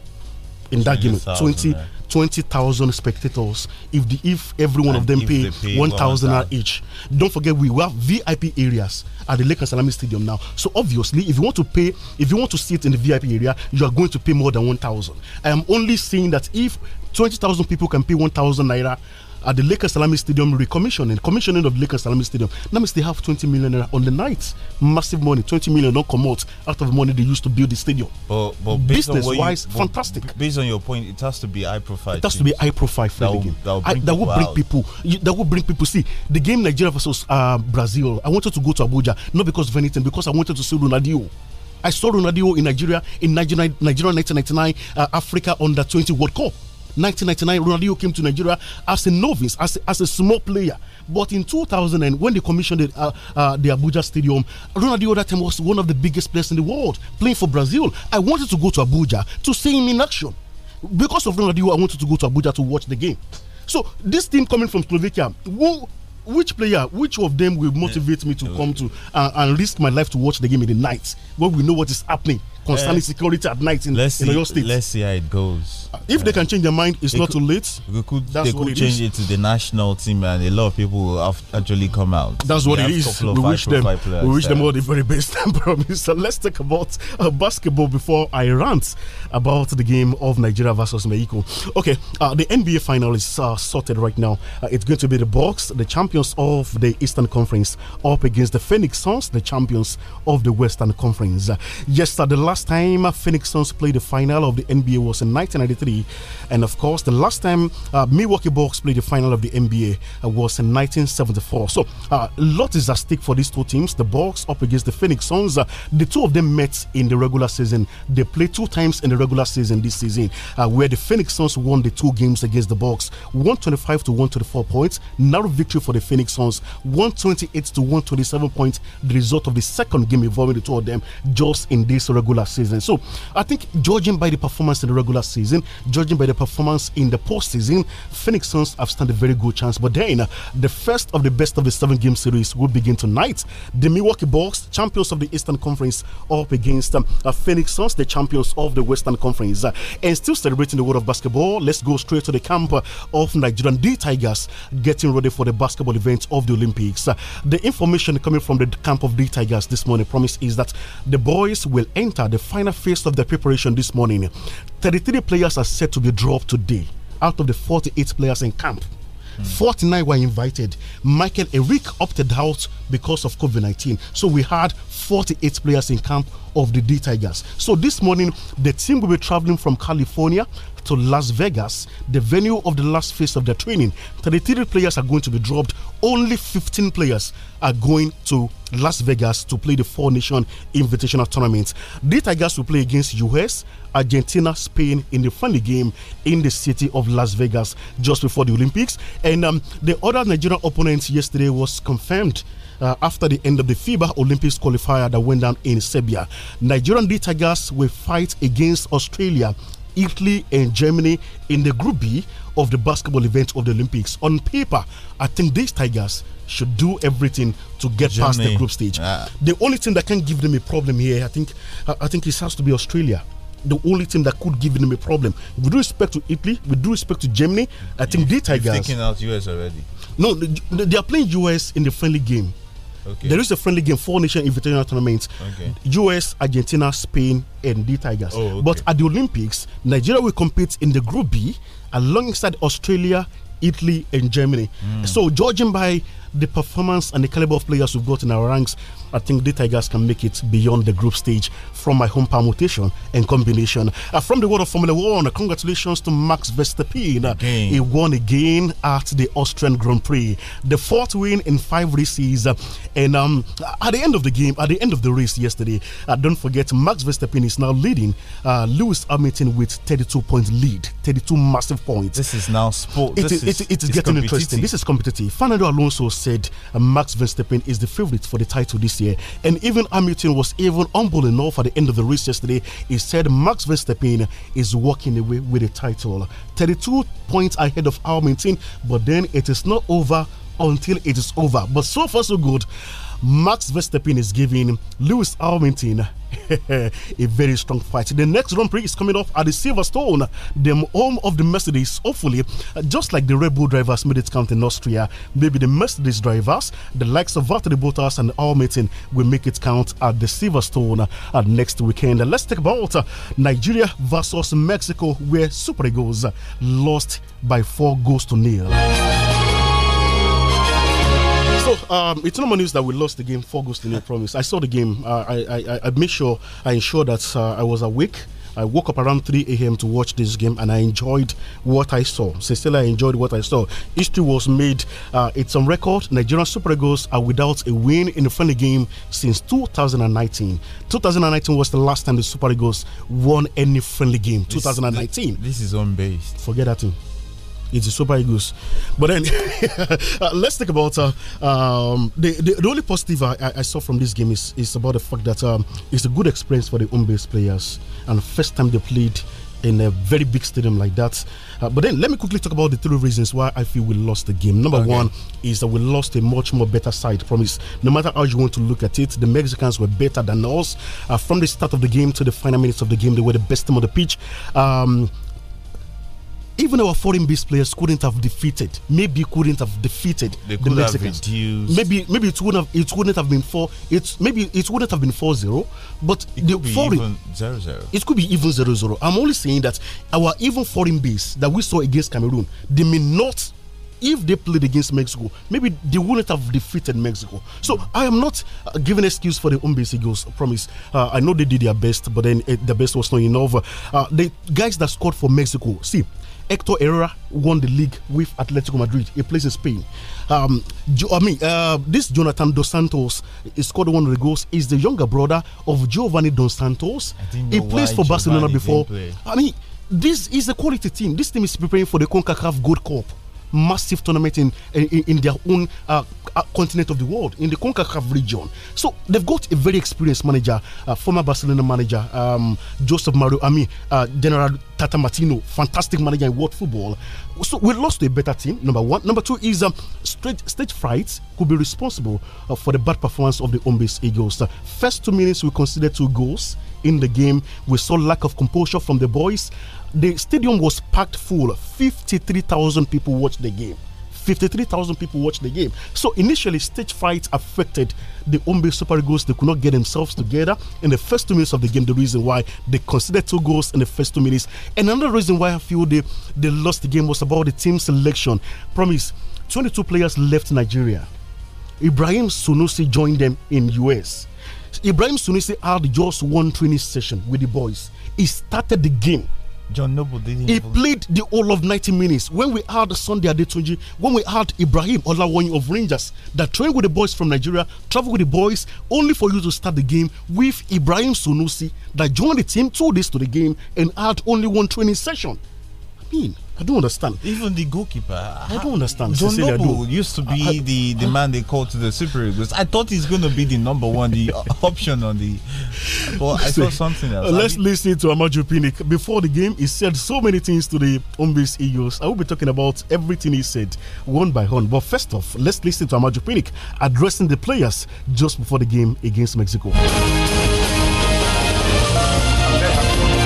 in that game. 20 20,000 spectators if the if every one and of them pay, pay 1,000 naira each. Don't forget we, we have VIP areas at the Lake and Salami Stadium now. So obviously, if you want to pay, if you want to sit in the VIP area, you are going to pay more than 1,000. I am only saying that if 20,000 people can pay 1,000 naira, at the Lakers Salami Stadium recommissioning, commissioning of the Lakers Salami Stadium. Now they have 20 million on the night. Massive money, 20 million don't come out out of money they used to build the stadium. But, but business wise, you, but fantastic. Based on your point, it has to be high profile. It has to be high profile that will, that will, bring, I, that people will bring people. You, that will bring people. See, the game Nigeria versus uh, Brazil, I wanted to go to Abuja, not because of anything, because I wanted to see Ronaldinho. I saw Ronaldinho in Nigeria in Nigeria, Nigeria 1999 uh, Africa Under 20 World Cup 1999, Ronaldinho came to Nigeria as a novice, as a, as a small player. But in 2000, and when they commissioned the, uh, uh, the Abuja Stadium, Ronaldinho that time was one of the biggest players in the world, playing for Brazil. I wanted to go to Abuja to see him in action. Because of Ronaldinho, I wanted to go to Abuja to watch the game. So this team coming from Slovakia, who which player, which of them will motivate me to come to uh, and risk my life to watch the game in the night when we know what is happening concerning uh, security at night in, let's in see, State? Let's see how it goes. If they can change their mind, it's they not could, too late. We could, That's they could change it to the national team, and a lot of people will actually come out. That's what it is. We wish them, we wish them all the very best. promise. So let's talk about uh, basketball before I rant about the game of Nigeria versus Mexico. Okay, uh, the NBA final is uh, sorted right now. Uh, it's going to be the Bucks, the champions of the Eastern Conference, up against the Phoenix Suns, the champions of the Western Conference. Uh, yes, the last time Phoenix Suns played the final of the NBA was in 1993. And of course, the last time uh, Milwaukee Bucks played the final of the NBA uh, was in 1974. So uh, a lot is at stake for these two teams. The Bucks up against the Phoenix Suns. Uh, the two of them met in the regular season. They played two times in the regular season this season, uh, where the Phoenix Suns won the two games against the Bucks, 125 to 124 points. Narrow victory for the Phoenix Suns, 128 to 127 points. The result of the second game involving the two of them just in this regular season. So I think judging by the performance in the regular season, judging by the performance in the postseason, Phoenix Suns have stand a very good chance. But then, uh, the first of the best of the seven game series will begin tonight. The Milwaukee Bucks, champions of the Eastern Conference, up against um, uh, Phoenix Suns, the champions of the Western Conference. Uh, and still celebrating the world of basketball, let's go straight to the camp of Nigerian D Tigers getting ready for the basketball event of the Olympics. the information coming from the camp of D Tigers this morning promise is that the boys will enter the final phase of the preparation this morning. 33 players are said to be dropped today out of the 48 players in camp. Mm. 49 were invited. Michael Eric opted out because of COVID 19. So we had 48 players in camp of the D Tigers. So this morning, the team will be traveling from California to Las Vegas, the venue of the last phase of their training. 33 players are going to be dropped. Only 15 players are going to Las Vegas to play the Four Nation Invitational Tournament. The Tigers will play against US, Argentina, Spain in the friendly game in the city of Las Vegas just before the Olympics. And um, the other Nigerian opponent yesterday was confirmed. Uh, after the end of the FIBA Olympics qualifier that went down in Serbia, Nigerian D Tigers will fight against Australia Italy and Germany in the Group B of the basketball event of the Olympics. On paper, I think these Tigers should do everything to get Germany. past the group stage. Ah. The only thing that can give them a problem here, I think, I think it has to be Australia the only team that could give them a problem. With respect to Italy, with respect to Germany, I think you, they Tigers. Taking out US already. No, they, they, are playing US in the friendly game. Okay. There is a friendly game, four nation invitational Tournament, Okay. US, Argentina, Spain, and the Tigers. Oh, okay. But at the Olympics, Nigeria will compete in the Group B alongside Australia, Italy, and Germany. Mm. So, judging by the performance and the caliber of players we've got in our ranks, I think the Tigers can make it beyond the group stage from my home permutation and combination. Uh, from the world of Formula One, congratulations to Max Verstappen. Uh, he won again at the Austrian Grand Prix, the fourth win in five races. Uh, and um, at the end of the game, at the end of the race yesterday, uh, don't forget Max Verstappen is now leading uh, Lewis Hamilton with 32 point lead, 32 massive points. This is now sport. It, is, is, it, it is, is getting interesting. This is competitive. Fernando Alonso said uh, Max Verstappen is the favourite for the title this year. And even Hamilton was even humble enough at the end of the race yesterday. He said Max Verstappen is walking away with the title. 32 points ahead of Hamilton, but then it is not over until it is over. But so far, so good. Max Verstappen is giving Lewis Hamilton a very strong fight. The next Grand Prix is coming off at the Silverstone, the home of the Mercedes. Hopefully, just like the Red Bull drivers made it count in Austria, maybe the Mercedes drivers, the likes of Valtteri Bottas and Hamilton, will make it count at the Silverstone at next weekend. Let's talk about Nigeria versus Mexico, where Super Eagles lost by four goals to nil. So um, it's normal news that we lost the game four goals to nil. Promise. I saw the game. Uh, I, I I made sure I ensured that uh, I was awake. I woke up around 3 a.m. to watch this game and I enjoyed what I saw. Cecilia I enjoyed what I saw. History was made. Uh, it's on record. Nigerian Super Eagles are without a win in a friendly game since 2019. 2019 was the last time the Super Eagles won any friendly game. This, 2019. This, this is on base. Forget that too. It's the Super Eagles. But then, uh, let's think about uh, um, the, the, the only positive I, I, saw from this game is is about the fact that um, it's a good experience for the home base players and first time they played in a very big stadium like that. Uh, but then let me quickly talk about the three reasons why I feel we lost the game. Number okay. one is that we lost a much more better side. Promise. No matter how you want to look at it, the Mexicans were better than us uh, from the start of the game to the final minutes of the game. They were the best team on the pitch. Um, even our foreign beast players couldn't have defeated, maybe couldn't have defeated could the Mexicans. maybe maybe it wouldn't have it wouldn't have been four it's maybe it wouldn't have been four zero, but it the foreign zero, zero. It could be even zero I'm only saying that our even foreign base that we saw against Cameroon, they may not if they played against Mexico, maybe they wouldn't have defeated Mexico. So I am not uh, giving excuse for the Umbase Eagles. Promise. Uh, I know they did their best, but then uh, the best was not enough. Uh, the guys that scored for Mexico, see, Hector Herrera won the league with Atletico Madrid, a place in Spain. Um, I mean, uh, this Jonathan Dos Santos scored one of the goals. Is the younger brother of Giovanni Dos Santos. He plays for Giovanni Barcelona before. I mean, this is a quality team. This team is preparing for the CONCACAF Gold Cup massive tournament in in, in their own uh, uh, continent of the world, in the CONCACAF region. So they've got a very experienced manager, uh, former Barcelona manager, um, Joseph Mario mean, uh, General Tata Martino, fantastic manager in world football. So we lost to a better team, number one. Number two is um, stage fright could be responsible uh, for the bad performance of the home based Eagles. Uh, first two minutes, we considered two goals in the game. We saw lack of composure from the boys. The stadium was packed full. 53,000 people watched the game. 53,000 people watched the game. So initially, stage fright affected the Ombe Super Eagles. They could not get themselves together in the first two minutes of the game. The reason why they considered two goals in the first two minutes. And another reason why I feel they, they lost the game was about the team selection. Promise 22 players left Nigeria. Ibrahim Sunusi joined them in US. Ibrahim Sunusi had just one training session with the boys. He started the game. John Noble didn't. He played the whole of 90 minutes. When we had Sunday Adetunji, when we had Ibrahim Olawoyin of Rangers that trained with the boys from Nigeria, traveled with the boys, only for you to start the game with Ibrahim Sunusi that joined the team two days to the game and had only one training session mean? I don't understand. Even the goalkeeper. I don't understand. John Cecilia Noble do. used to be I, I, the, the I, man they called to the Super Eagles. I thought he's going to be the number one, the option on the. But I saw something else. Uh, let's mean, listen to Amaju Pinnick. Before the game, he said so many things to the Umbis Eagles. I will be talking about everything he said, one by one. But first off, let's listen to Amaju Pinnick addressing the players just before the game against Mexico.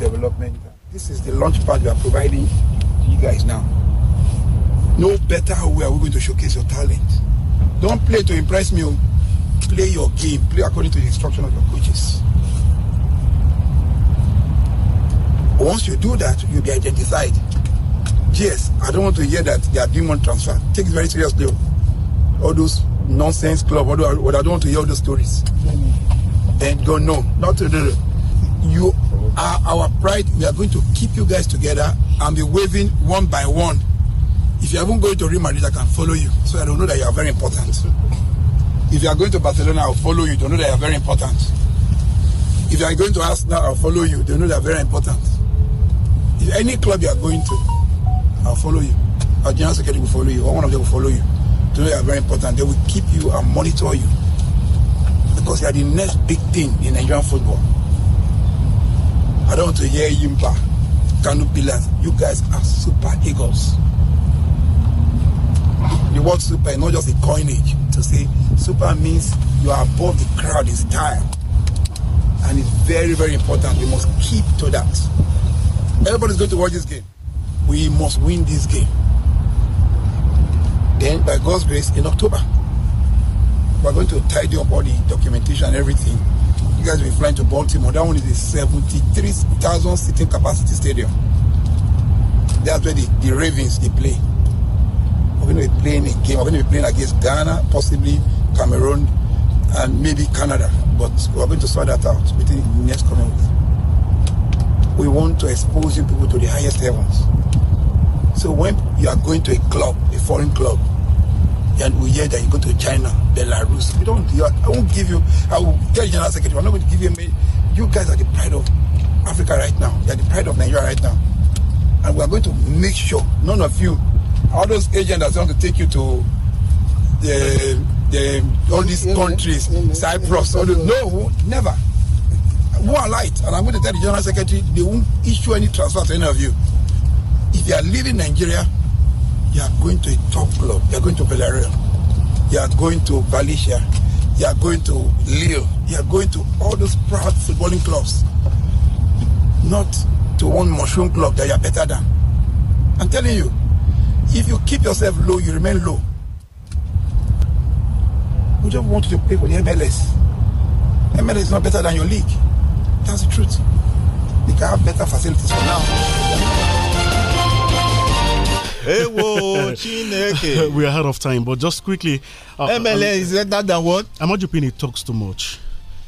Development This is the launch pad we are providing to you guys now. No better way are we going to showcase your talent. Don't play to impress me. Oh. Play your game. Play according to the instruction of your coaches. Once you do that, you'll be identified. Yes, I don't want to hear that they are doing one transfer. Take it very seriously. Oh. All those nonsense club, What I don't want to hear all those stories. Then go, no, not to do You are our pride. We are going to keep you guys together and be waving one by one. If you haven't going to Real Madrid, I can follow you. So I don't know that you are very important. If you are going to Barcelona, I'll follow you. Don't know that you are very important. If you are going to Arsenal, I'll follow you. They know that you are very important. If any club you are going to, I'll follow you. Our general secretary will follow you. Or one of them will follow you. They know you are very important. They will keep you and monitor you because you are the next big thing in Nigerian football. I don't want to hear Yimba, Kanu Pillars. You guys are super eagles. The word super is not just a coinage to say super means you are above the crowd in style. And it's very, very important. We must keep to that. Everybody's going to watch this game. We must win this game. Then, by God's grace, in October, we're going to tidy up all the documentation and everything You guys will be flying to Baltimore. That one is a 73,000 seating capacity stadium. That's where the, the Ravens they play. We're going to be playing a game. We're going to be playing against Ghana, possibly Cameroon, and maybe Canada. But we're going to sort that out within the next coming week. We want to expose you people to the highest heavens. So when you are going to a club, a foreign club, and we hear that you go to China, Belarus. We don't. I won't give you. I will tell General Secretary. I'm not going to give you. A, you guys are the pride of Africa right now. You are the pride of Nigeria right now, and we are going to make sure none of you, all those agents that want to take you to the the all these countries, Cyprus, all those, no, never. Who are light? And I'm going to tell the General Secretary they won't issue any transfer to any of you. If you are leaving Nigeria, you are going to a top club. You are going to Villarreal. You are going to Valencia. You are going to Lille. You are going to all those proud footballing clubs. Not to one mushroom club that you are better than. I'm telling you, if you keep yourself low, you remain low. We just want you to play for the MLS. MLS is not better than your league. That's the truth. They can have better facilities for now. We're ahead of time, but just quickly. Uh, uh MLS is better than what? Amajupini talks too much.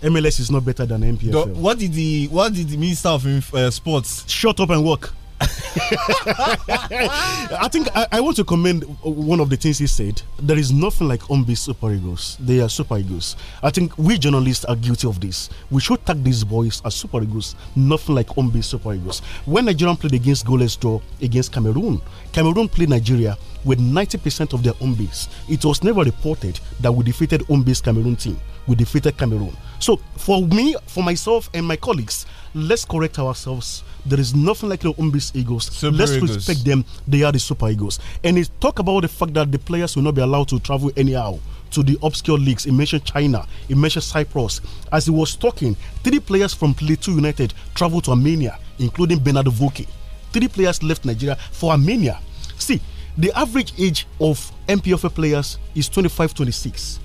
MLS is not better than MPFL. The, what did the What did the Minister of uh, Sports? Shut up and work. I think I, I, want to commend one of the things he said. There is nothing like Ombi super egos. They are super egos. I think we journalists are guilty of this. We should tag these boys as super egos. Nothing like Ombi super egos. When Nigeria played against goalless draw against Cameroon, Cameroon played Nigeria with 90% of their home base. It was never reported that we defeated home base Cameroon team we defeated Cameroon. So for me, for myself and my colleagues, let's correct ourselves. There is nothing like the Umbis Eagles. Super let's Eagles. respect them. They are the Super Eagles. And it's talk about the fact that the players will not be allowed to travel anyhow to the obscure leagues. Imagine mentioned China, Imagine mentioned Cyprus. As he was talking, three players from Plateau United traveled to Armenia, including Bernardo Voki. Three players left Nigeria for Armenia. See, the average age of MPFA players is 25 26.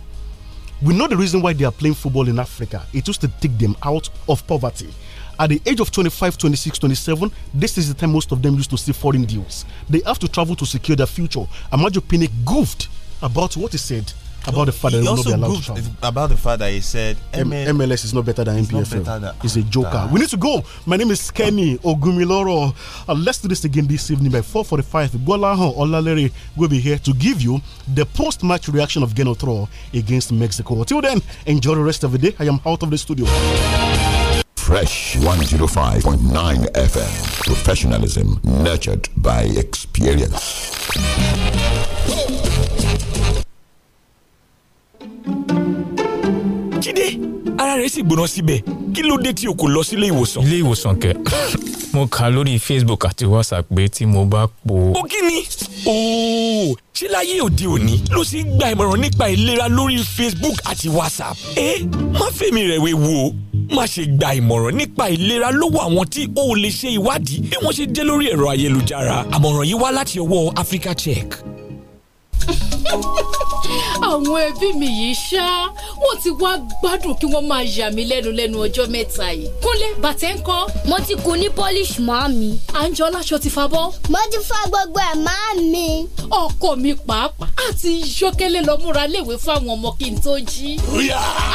We know the reason why they are playing football in Africa. It used to take them out of poverty. At the age of 25, 26, 27, this is the time most of them used to see foreign deals. They have to travel to secure their future. Amadio Pinnick goofed about what he said about the fact that he will not be allowed to travel. About the fact that he said MLS is not better than MPFL. It's a joker. We need to go. My name is Kenny Ogumiloro. Uh, let's do this again this evening by 4:45. Golahan Olalere will be here to give you the post-match reaction of Genotro against Mexico. Till then, enjoy the rest of the day. I am out of the studio. Fresh 105.9 FM. Professionalism nurtured by experience. jíde ara rẹ̀ sì gbóná síbẹ̀ kí ló dé tí o kò lọ sílé ìwòsàn. ilé ìwòsàn kẹ mo kà lórí facebook àti whatsapp pé tí mo bá po. o kí ni ooo ṣé láyé òde òní ló sì ń gba ìmọ̀ràn nípa ìlera lórí facebook àti whatsapp. ẹ má fèmi rẹ̀ wéwu o má ṣe gba ìmọ̀ràn nípa ìlera lọ́wọ́ àwọn tí ó lè ṣe ìwádìí bí wọ́n ṣe jẹ́ lórí ẹ̀rọ ayélujára àmọ̀ràn yìí wá láti ọwọ́ africa check àwọn ẹbí mi yìí ṣá wọn ti wá gbádùn kí wọ́n máa yà mí lẹ́nu lẹ́nu ọjọ́ mẹ́ta yìí. kúnlẹ̀ bàtẹ́ ń kọ́. mo ti kun ní polish máa mi. àǹjọ́lá aṣọ ti fa bọ́. mo ti fa gbogbo ẹ̀ máa mi. ọkọ mi pàápàá àti yọkẹlẹ lọ múra léwe fún àwọn ọmọ kí n tó jí. ó yá. Ah!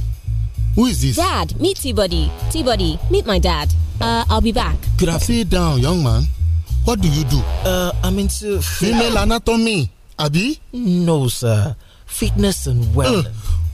Who is this? Dad, meet T-Body. T-Body, meet my dad. Uh, I'll be back. Could I sit down, young man? What do you do? Uh, I'm into... Female anatomy, Abi? No, sir. Fitness and uh, wellness. Uh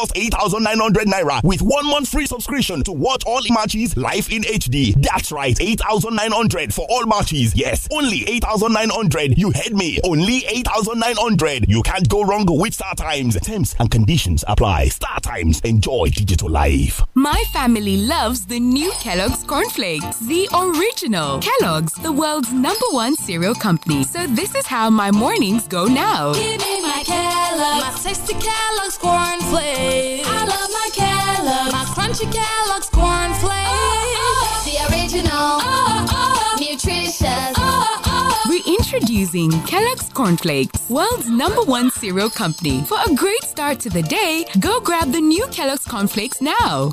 just 8,900 naira with one month free subscription to watch all matches live in HD. That's right, 8,900 for all matches. Yes, only 8,900. You heard me. Only 8,900. You can't go wrong with Star Times. Terms and conditions apply. Star Times. Enjoy digital life. My family loves the new Kellogg's cornflakes, the original. Kellogg's, the world's number one cereal company. So this is how my mornings go now. Give me my Kellogg's, my tasty Kellogg's cornflakes. I love my Kellogg's, my crunchy Kellogg's corn flakes. Oh, oh, the original, oh, nutritious. Reintroducing Kellogg's Corn Flakes, world's number one cereal company. For a great start to the day, go grab the new Kellogg's Corn Flakes now.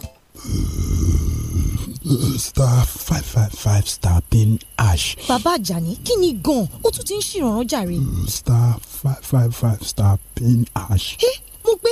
star five five five star pin Ash. bàbá àjàní kí ni gan-an ó tún ti ń ṣèrànràn jàre. star five five five star pin Ash. ẹ mo gbé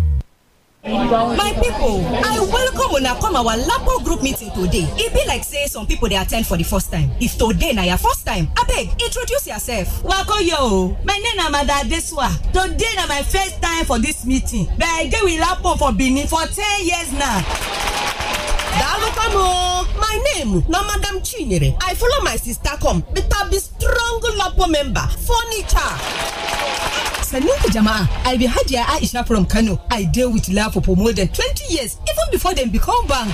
my people, i welcome una come our lapo group meeting today It be like say some people they attend for the first time if today na your first time abeg introduce yourself. Wako yo, my name is Mada adesuwa today na my first time for this meeting but i dey with lapo for benin for ten years now daalụkwanụ my name na madam chinyere i follow my sister come beta be strong lopo member furniture sannin ku jama'a i be hajiya aisha from kano i deal with lapo for more than 20 years even before them become bank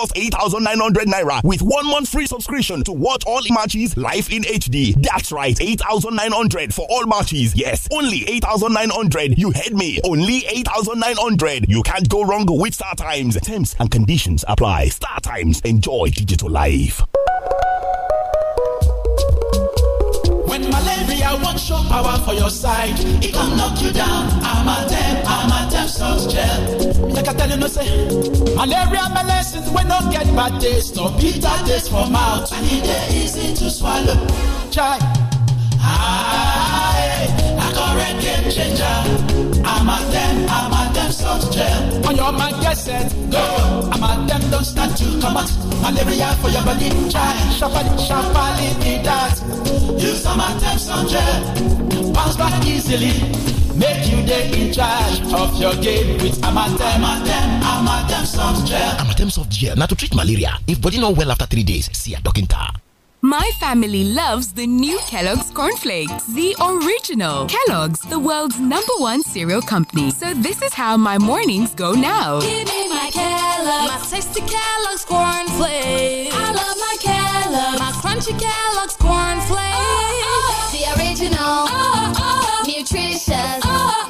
of 8,900 naira with one month free subscription to watch all matches live in HD. That's right, 8,900 for all matches. Yes, only 8,900. You heard me. Only 8,900. You can't go wrong with StarTimes. Terms and conditions apply. StarTimes. Enjoy digital life. power for your side e can knock you down I'm I'm a dem, amatem amatem salt gel like i tell you no say malaria medicine wey no get bad taste or bitter taste for mouth and e easy to swallow Try, I'm chai i na correct game changer am a dem salt gel. On your mind, get set, eh? go. I'm a them don't start to come out. Malaria for your body, try. Shuffle, shuffle, need that. Use some atem salt jail Bounce back easily. Make you the in charge of your game with Amatem. Amatem, Amatem soft gel. Amatem soft gel. Now to treat malaria. If body not well after three days, see a doctor. My family loves the new Kellogg's Corn Flakes, the original. Kellogg's, the world's number one cereal company. So this is how my mornings go now. Give me my Kellogg's, my tasty Kellogg's Corn Flakes. I love my Kellogg's, my crunchy Kellogg's cornflakes. Oh, oh. oh. The original, oh, oh, oh. nutritious.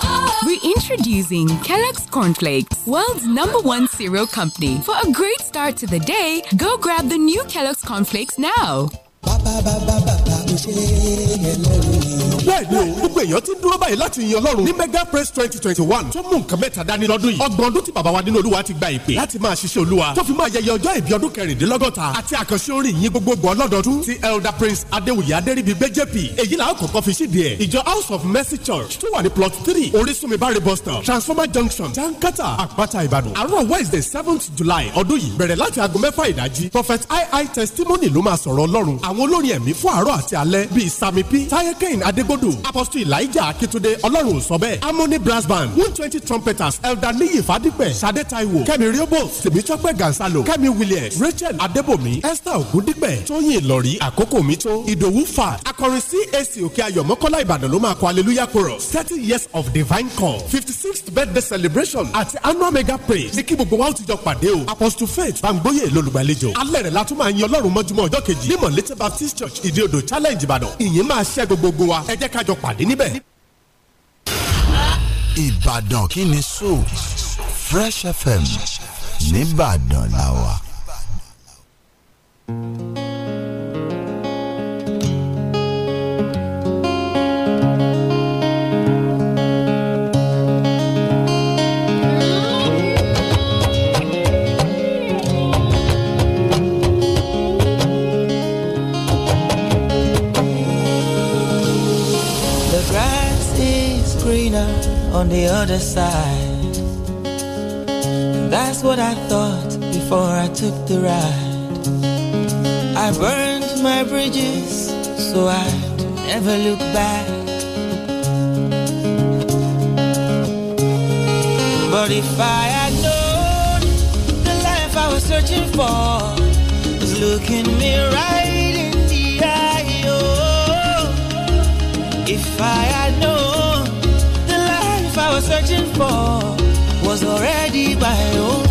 Reintroducing Kellogg's Cornflakes, world's number one cereal company. For a great start to the day, go grab the new Kellogg's Cornflakes now. Ba, ba, ba, kì í ṣe ẹlẹ́rù ni. bẹ́ẹ̀ni o gbogbo èèyàn ti dúró báyìí láti yin Ọlọ́run ní mega press twenty twenty one tó mú nǹkan mẹ́ta dání lọ́dún yìí ọgbọ̀n ọdún tí bàbá wa nínú Olúwa ti gba ìpè láti máa ṣiṣẹ́ Olúwa tó fi máa yẹyẹ ọjọ́ ìbí ọdún kẹrìndínlọ́gọ́ta àti àkànṣe orin yìí gbogbogbò ọlọ́dọọdún ti elder prince Adéwòye Adéríbigbé JP èyí là á kọ́kọ́ fi ṣíde ẹ̀ ìjọ house of mercy church tó wà ní plot three orísunmi bari bus stop transformer junction jankata àpáta Ìbàdàn àárọ̀ Wednesday seventh July ọdún yìí bẹ̀rẹ̀ láti aago mẹ́fà ìdájí prophet testimony ló máa sọ̀rọ̀ Ọlọ́run àwọn olórin ẹ̀mí fún àárọ̀ alẹ́ bíi sami p taye kane adegbodu apostle elijah akitunde ọlọ́run sọ bẹ́ẹ̀ harmony brass band one twenty trumpeters elder niyi fadipe sade taiwo kẹ́mi riobo simitope gansalo kẹ́mi williams rachel adebomi esther ogundipe tóyìn ìlọrí àkókò mi tó ìdòwú fa akọrin cac òkè ayọ̀mọ́kọ́lá ìbàdàn ló máa kọ hallelujah chorus thirty years of divine call fifty sixth birthday celebration àti annual mega praise ní kí gbogbo wa ó ti jọ pàdé o apostle faith bangboye lolùgbàlejò alẹ́ rẹ̀ la tún máa yin ọlọ́run mọ́júmọ́ ọjọ́ kejì ní mọ̀lẹ́tẹ̀ baptist church ìdí odò challenge challenge ìbàdàn ìyẹn máa ṣẹ́ gbogbogbò wa ẹ jẹ́ ká jọ pàdé níbẹ̀. ìbàdàn kí ni so fresh fm nìbàdàn làwà. on the other side. that's what I thought before I took the ride. I burned my bridges so I'd never look back. But if I had known the life I was searching for was looking me right in the eye, oh, if I had known was searching for was already by your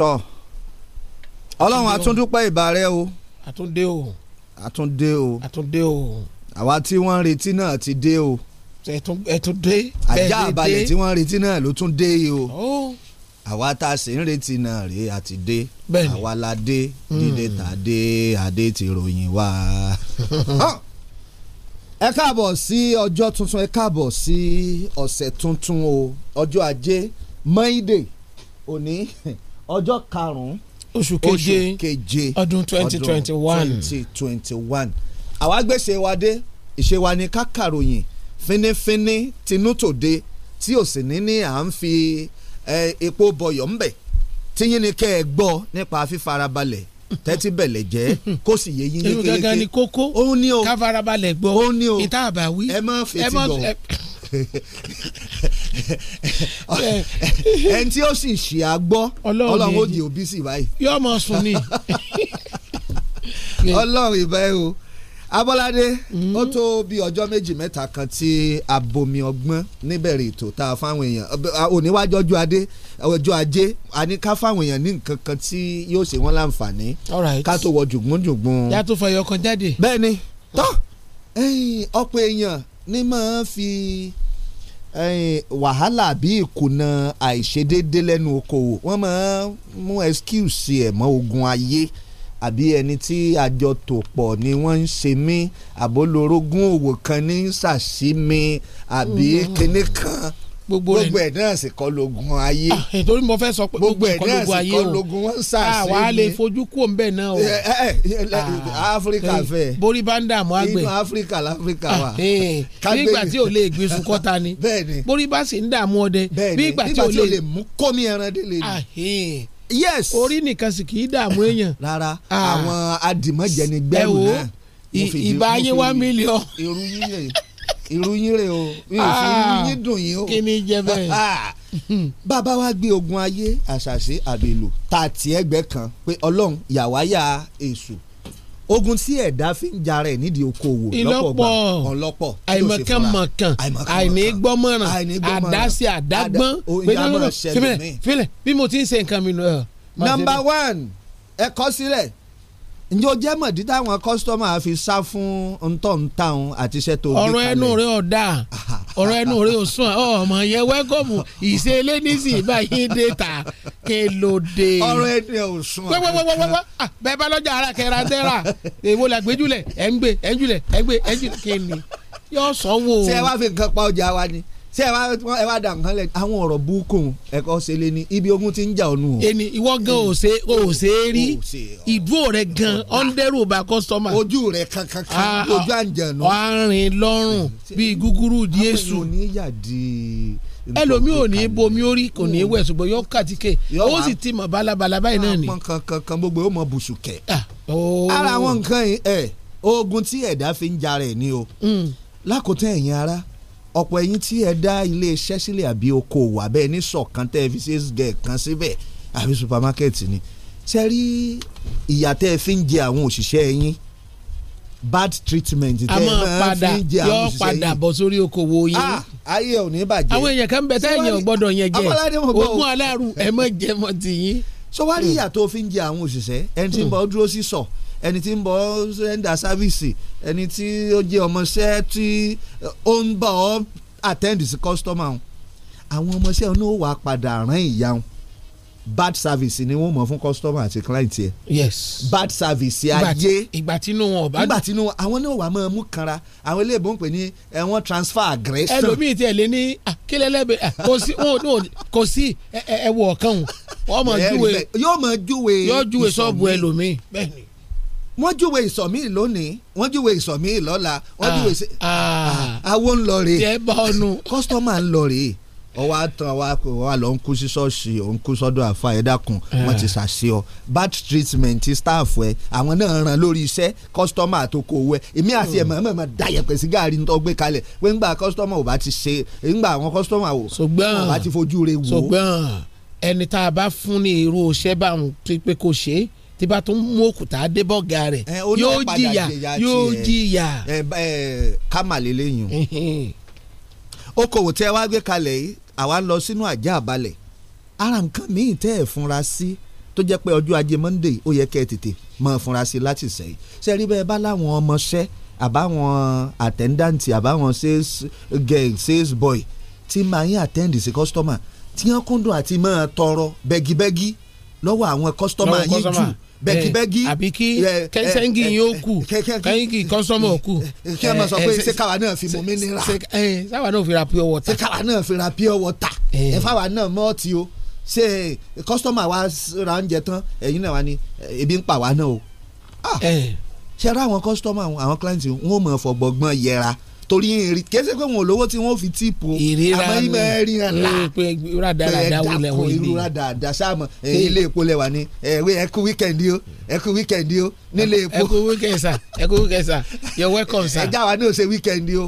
tọ́ ọlọ́run àtúndúpẹ́ ìbàrẹ́ o. àtúndé o. àtúndé o. àtúndé o. àwa tí wọ́n ń retí náà ti dé o. ẹ tún dé. ajá àbálẹ̀ tí wọ́n ń retí náà ló tún dé yìí o. àwa tá a sì ń retí náà rèé àti dé. bẹ́ẹ̀ni àwa la dé hmm. dídé tá a dé adé ti ròyìn wá. ẹ káàbọ̀ sí ọjọ́ tuntun ẹ káàbọ̀ sí ọ̀sẹ̀ tuntun o ọjọ́ ajé Monday òní ọjọ́ karùn-ún oṣù keje ọdún 2021. twenty one twenty twenty one àwa gbèsè wa dé ìṣe wa ni kákàròyìn fínífíní tinútòde tí ò sì ní ní à ń fi epo bọyọ̀ ńbẹ̀ tíyín ni kẹ́ ẹ gbọ́ nípa fífarabalẹ̀ tẹ́tí bẹ̀lẹ̀ jẹ́ kó sì yé yín yékéyéké irun gangan ni kókó ká farabalẹ̀ gbọ́ ìta àbáwí ẹ má fetí gbọ́ ẹni tí ó sì ṣe àgbọ́ ọlọ́run ó di òbí sí báyìí. yóò mọ sùn ni. ọlọ́run ìbá ẹ o abọ́ládé mm-hmm. ó tó bí ọjọ́ méjì mẹ́ta kan tí abomi ọgbọ́n níbẹ̀rẹ̀ ètò tá a fáwọn èèyàn òníwájú ọjọ́ adé ọjọ́ ajé àníká fáwọn èèyàn ní nǹkan kan tí yóò ṣe wọ́n láǹfààní ká tó wọ jùgbọ́njùgbọ́n. yàtò fàyọkàn jáde. bẹ́ẹ̀ni tó ọ̀pọ̀ èèyàn ní máa fi wàhálà bí ìkùnà àìṣedéédé lẹ́nu okòwò wọ́n máa mú excuse ẹ̀ mọ́ ogun ayé àbí ẹni tí àjọ tò pọ̀ ni wọ́n ń ṣe mí àbólórógún òwò kan ní sàṣí àbí mm. kinní kan. Mm gbogbo rẹ gbogbo ẹ náà sì kọ́ lógun ayé ah, eh, torí mo fẹ́ sọ pé gbogbo ẹ náà sì kọ́ lógun wọn ah, ń sàṣe ni àwa lè fojú kú òun náà o. Eh, eh, ah, áfíríkà fẹ́ borí bá ń dààmú inú áfíríkà láfíríkà wà. nígbà tí o lè gbé sunkọ́ta ni borí bá sì ń dààmú ọdẹ nígbà tí o lè mú kọ́mi ẹran délé ni yes orí nìkan sì kì í dààmú èèyàn. rárá àwọn adìmọ̀jẹ̀ ni náà. ìbáyé wá mílíọ̀nù ìròyìn rẹ̀ o mi ò fi ìròyìn ah, dùn yín o kí ni jẹ bẹ́ẹ̀. Ah, bàbá wa gbé ogun ayé àṣàṣe àbèlò tààtì ẹgbẹ́ kan pé ọlọ́run yàwáyà èṣù ogun tí ẹ̀dá fi ń jara ẹ̀ nídìí okòwò lọ́pọ̀ ọlọ́pọ̀ àìmọ̀kànmọ̀kàn àìnígbọ́mọ̀ràn àdásí àdágbọ́n pẹ̀lú fílẹ̀ bí mo ti ń ṣe nǹkan mi nù. number one ẹ kọ sílẹ̀ njẹ́ o jẹ́ mọ̀dí táwọn kọ́sítọ́mà á fi sá fún ntọ́ntàn àti iṣẹ́ tó gbé kalẹ̀. ọ̀rọ̀ ẹnu rẹ ọ̀dà ọ̀rọ̀ ẹnu rẹ òsùn ọmọ yẹn wẹ́kọ̀mù ìṣe elénísì báyìí déta kélòdè. ọ̀rọ̀ ẹnu rẹ òsùn. wẹ́wẹ́wẹ́wẹ́ ah, bẹ́ẹ̀ bá lọ́jà ara kẹra dẹ́ra èwo la gbẹ́julẹ̀ ẹ̀ ń gbé ẹ̀ ń julẹ̀ ẹ̀ ń gbé ẹ̀ ń julẹ̀ kéènì yóò sọ wo. ṣé ẹ wá fi nǹkan pa ọjà wa ni. ṣé ẹ wá ẹ dà nǹkan lẹ àwọn ọ̀rọ̀ búkún ẹ̀kọ́ ṣe lé ní ibi ogun ti ń jà ònú o. èmi ìwọ gan o ṣe ṣe é rí ìdúró rẹ gan ọ̀ndẹ́rù bá kọ́sọ́mà. ojú rẹ kankan kan ojú àǹjẹ̀nù. wà á rìn lọ́rùn bíi gúgúrú Jésù. ẹlòmí ní bomi kò ní hmm. wẹ̀ ṣùgbọ́n yóò kàtíkè sì mọ kẹ. Ah, oh. ara àwọn nǹkan yìí ọ̀pọ̀ ẹ̀yin tí ẹ dá ilé iṣẹ́ sílẹ̀ àbí okòwò abẹ́ ní sọ̀kan tẹ́ fi ṣe gẹ̀ kan síbẹ̀ àbí supermarket ni ṣe rí ìyà tẹ́ ẹ fi ń jẹ àwọn òṣìṣẹ́ yín bad treatment tẹ́ ẹ máa fi ń jẹ àwọn òṣìṣẹ́ yín. yọ padà bọ̀ sórí okòwò yín. Ah, ayé ò ní bàjẹ́. àwọn èèyàn kan bẹ táyà èèyàn gbọ́dọ̀ yẹn jẹ ogún aláàrú ẹ mọ̀ jẹ́ mọ́ ti yín. sọ wá rí ìyà fi ń jẹ àwọn òṣìṣẹ́ ẹni tí ń dúró sí sọ ẹni tí ń bọ̀ rẹ́ndà sáfíìsì ẹni tí ó jẹ́ ọmọọṣẹ́ tí ó ń bọ̀ ọ́ attend sí kọ́sítọ́mà wọn àwọn ọmọọṣẹ́ wọn ó wà padà rán ìyá wọn bad service ni wọ́n mọ̀ fún kọ́sítọ́mà àti client yẹn. yes bad service ayé ìgbà tínú wọn ọba. ìgbà tínú wọn àwọn náà wà máa mú kanra àwọn ilé ìbọn pè ní ẹ̀wọ̀n transfer aggression. ẹlòmíì tí ẹ lé ní kílẹ̀lẹ́bẹ̀ kò sí ẹ̀wọ̀ ọ̀kan o ọmọ júwe yóò mọ júwe sọ́ọ̀bù ẹlòmíì bẹ́ẹ̀ ni wọ́n júwe ìsọ̀ míì lónìí wọ́n júwe ìsọ̀ míì lọ́la wọ́n júwe ìsọ̀ ah, ah. ah, awo ń lọ rèé jẹ́ bọ́ọ̀nù kọ́sítọ́mà ń lọ rèé ọwọ́ àtàn wa lọ ń kú sí ṣọ́ọ̀ṣì òun kú sọ́dọ̀ àfa ẹ̀ eh. wọ́n ti ṣàṣe ọ bad treatment staff ẹ àwọn náà ràn lórí iṣẹ́ kọ́sítọ́mà àtòkò owó ẹ èmi àti ẹ̀mọ̀ hmm. ẹ̀mọ̀ ẹ̀mọ̀ dayẹ̀pẹ̀ sí gààrí nítorí gbé kalẹ̀ pé ńgbà kọ́sítọ́mà ò bá ti ṣe ńgbà àwọn kọ́sítọ́mà ò bá ti fojú re wò. ṣùgbọ́n ẹni tá a bá fún ní irú iṣẹ́ báwọn pé kò ṣe é tí bá tún mú òkúta débọ̀gà rẹ̀ yóò jìyà yóò jìyà. kámà lélẹ́yìn o okòwò tí ẹ wá gbé kalẹ̀ yìí àwa lọ sínú àjà àbalẹ̀ ara nǹkan míì tẹ́ ẹ̀ fúnra sí tó jẹ́ pé ọjọ́ ajé monday ó yẹ kẹ́ ẹ tètè mọ̀ fúnra sí láti sẹ́yìn sẹ́rí bẹ́ẹ̀ bá láwọn ọmọọṣẹ́ àbáwọn àtẹ̀ndáǹtì àbáwọn sales girl sales boy tí máa ń attend sí customer tí wọ́n kúndùn àti máa tọrọ bẹ́gibẹ́gi lọ́wọ́ àwọn customer yìí jù bẹ́gibẹ́gi eh, àbí kí eh, eh, kẹ́ńsẹ́ńgì yín ó kù kẹ́ńgì kọ́sọ́mọ̀ ó kù. kí ẹ máa sọ pé ṣé káwa náà fi mu mineral sáwa náà fi ra pure water. ṣé káwa náà fi ra pure water ẹ fáwa náà mọ́ ọtí o ṣé kọ́sọ́mà wa ra oúnjẹ tán ẹ̀yin náà wá ní ebi ń pa wá náà o. Ah, ṣé ara àwọn kọ́sọ́mà àwọn clients wọn ò mọ̀ fọ̀gbọ̀gbọ́n yẹra torí èrè kése pé wọn ò lówó tí wọn fi tíìpù o àmọ́ ibẹ̀ rí ràdà ràdà wò lẹ́wọ̀ ìlú ràdà ràdà sáàmù ilé epo lẹ́wà ni ẹ kú wíkẹ̀ndì o ẹ kú o nílé epo. ẹ kú wíkẹ̀ndì sà ẹ kú wíkẹ̀ndì sà welcome sà. ẹ wa ní òsè wíkẹ̀ndì o.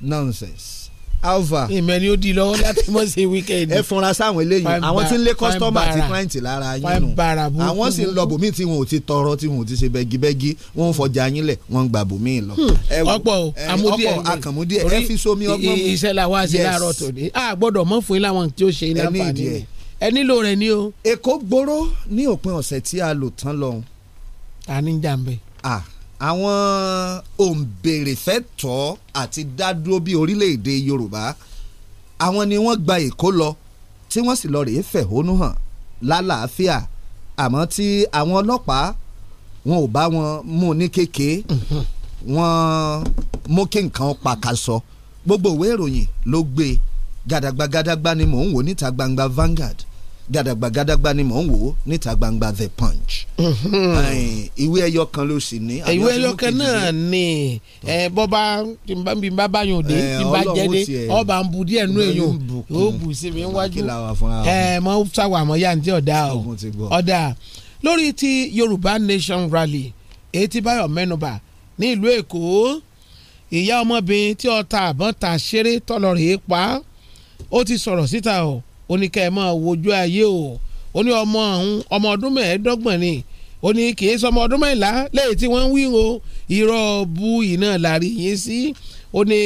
nonsense. Alpha. ìmọ̀ ni ó di lọ́wọ́ láti mọ̀ sí wíkẹ́ndì. ẹ funra sáwọn eléyìí àwọn tí ń lé kọ́sítọ́mù àti client lára yín nù àwọn sì ń lọ bòmí tí wọn ò ti tọrọ tí wọn ò ti ṣe bẹ́gibẹ́gi wọn ń fọjà yín lẹ̀ wọn ń gbà bòmí lọ. Hmm, ọ̀pọ̀ àmúdíẹ̀ ọ̀pọ̀ àkànmúdíẹ̀ ẹ fi somi ọgbọ́n mu. iṣẹ́ la wá sí láàárọ̀ tòní a gbọ́dọ̀ mọ̀ fún yín láwọn tí ó ṣe ní àǹfààní rẹ̀ ẹ nílò rẹ̀ ni ah àwọn òǹbèrèfẹ́tọ́ àti dádúró bíi orílẹ̀-èdè Yorùbá àwọn ni wọ́n gba Èkó lọ tí wọ́n sì lọ rèé fẹ̀hónú hàn lálàáfíà àmọ́ tí àwọn ọlọ́pàá wọn ò bá wọn mú ní kéke mhm. wọn mú kí nǹkan pàkàṣọ gbogbo ìwé ìròyìn ló gbé gàdàgbà gàdàgbà ni mò ń wò níta gbangba Vanguard gàdàgbà gàdàgbà ni mò ń wò ó níta gbangba the punch. Mhm. ìwé ẹyọ kan ló sì ní. ìwé ẹyọ kan náà ni bọ́ba bí n bá báyọ̀ òde bí n bá jẹ́dé ọba ń bu díẹ̀ nú èyàn ó bù sí mi wájú mọ sáwà mọ yá ní ọ̀dà ọ̀dà lórí ti Yorùbá Nation Rally èyí tí Báyọ̀ mẹ́nuba ní ìlú Èkó ìyá ọmọbìnrin tí ọta àbọ̀ntà ṣeré tọ́lọ̀ rèé pa ó ti sọ̀rọ̀ síta o ó ní kẹ́ ẹ máa wojú ayé o ó ní ọmọ ọ̀hún ọmọ ọdún mẹ́ẹ̀ẹ́dọ́gbọ̀n ni ó ní kì í sọmọ ọdún mẹ́ẹ̀lá lẹ́yìn tí wọ́n ń wí o irọ́ bu iná làrí yín sí ó ní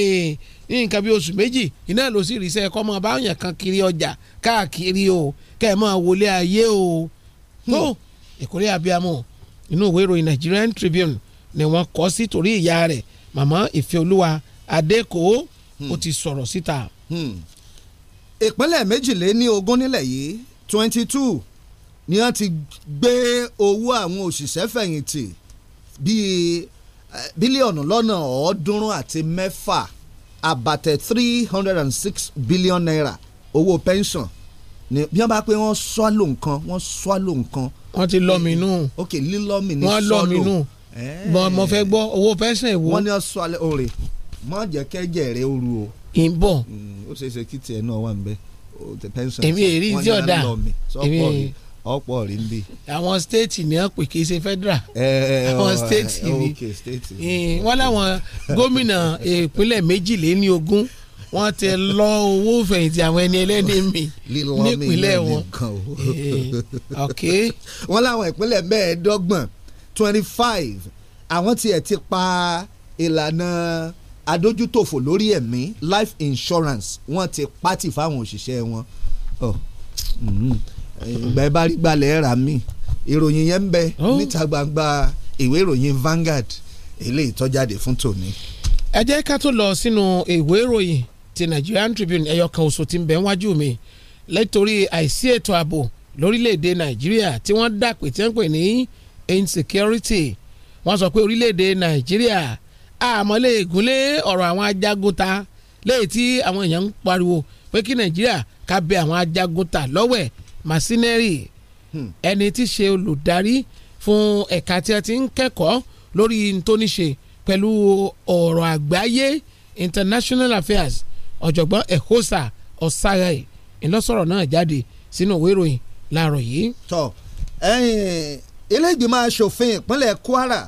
ní nǹkan bí oṣù méjì iná ló sì rí iṣẹ́ ẹ̀kọ́ mọ́ báyàn kan kiri ọjà káàkiri o kẹ́ ẹ máa wọlé ayé o hmm. tó ìkórè abiyamọ inú ìwé ìròyìn Nigerian Tribune ni wọ́n kọ sí torí ìyá rẹ̀ màmá ìfẹ́olúwa adéko hmm. ó ti sọ̀rọ̀ síta. Hmm ìpínlẹ̀ méjìléní nílẹ̀ yìí twenty two ni wọ́n ti gbé owó àwọn òṣìṣẹ́ fẹ̀yìntì bíi eh, bílíọ̀nù lọ́nà ọ̀ọ́dúnrún àti mẹ́fà àbàtẹ̀ three hundred and six billion naira owó pension ni bí wọ́n bá pé wọ́n swallow nǹkan wọ́n swallow nǹkan. wọ́n ti lọ́mì inú. ok lílọ́mì ní swallow. wọ́n lọ́mì inú. mo fẹ́ eh. gbọ́ owó pension èwo. wọ́n ní wọ́n swallow òrè mọ́ jẹ́ kẹ́jẹ̀ rẹ̀ oru o ń bọ̀. Mm, ó ṣe é ṣe kí tiẹ̀ náà wà ń bẹ the pension èmi èrí tí ọ̀dà èmi ọ̀pọ̀ rí bí. àwọn stéètì ni wọ́n pè kì í ṣe federal àwọn stéètì ni wọ́n láwọn gómìnà ìpínlẹ̀ méjìléní ogún wọ́n ti lọ owó fẹ̀yìntì àwọn ẹni ẹlẹ́ni mi nípínlẹ̀ wọn. wọ́n láwọn ìpínlẹ̀ mẹ́ẹ̀ẹ́dọ́gbọ̀n twenty five àwọn tiẹ̀ ti pa ìlànà. E adójútòfò lórí ẹ̀mí life insurance wọ́n ti pátì fáwọn òṣìṣẹ́ wọn oh, mm-hmm. ìgbà ẹ bá rí gbalẹ̀ rà mí ìròyìn yẹn ń bẹ oh. níta gbangba ìwé ìròyìn Vanguard eléyìí tó jáde fún tòní. ẹ jẹ́ ká tó lọ sínú ìwé ìròyìn ti Nigerian Tribune ẹyọ kan oṣù tí ń bẹ wájú mi lẹ́tọ́rí àìsí ètò ààbò lórílẹ̀‐èdè Nàìjíríà tí wọ́n dàpè tí wọ́n pè ní insecurity wọ́n sọ pé orílẹ̀‐èdè Nàìjíríà àmọ́lé ìgúnlé ọ̀rọ̀ àwọn ajagunta lẹ́yìn tí àwọn èèyàn ń pariwo pé kí nàìjíríà ká bẹ àwọn ajagunta lọ́wẹ̀ masinẹ́rì hmm. ẹni tí ṣe olùdarí fún ẹ̀ka tí a ti ń kẹ́kọ̀ọ́ lórí ntóníṣe pẹ̀lú ọ̀rọ̀ àgbáyé international affairs ọ̀jọ̀gbọ́n ehosa ọ̀sáyà ìlọsọ̀rọ̀ náà jáde sínú ìwé ìròyìn láàárọ̀ yìí. tọ ẹyin ilé ìgbìmọ̀ asòfin ìpínlẹ̀ kwara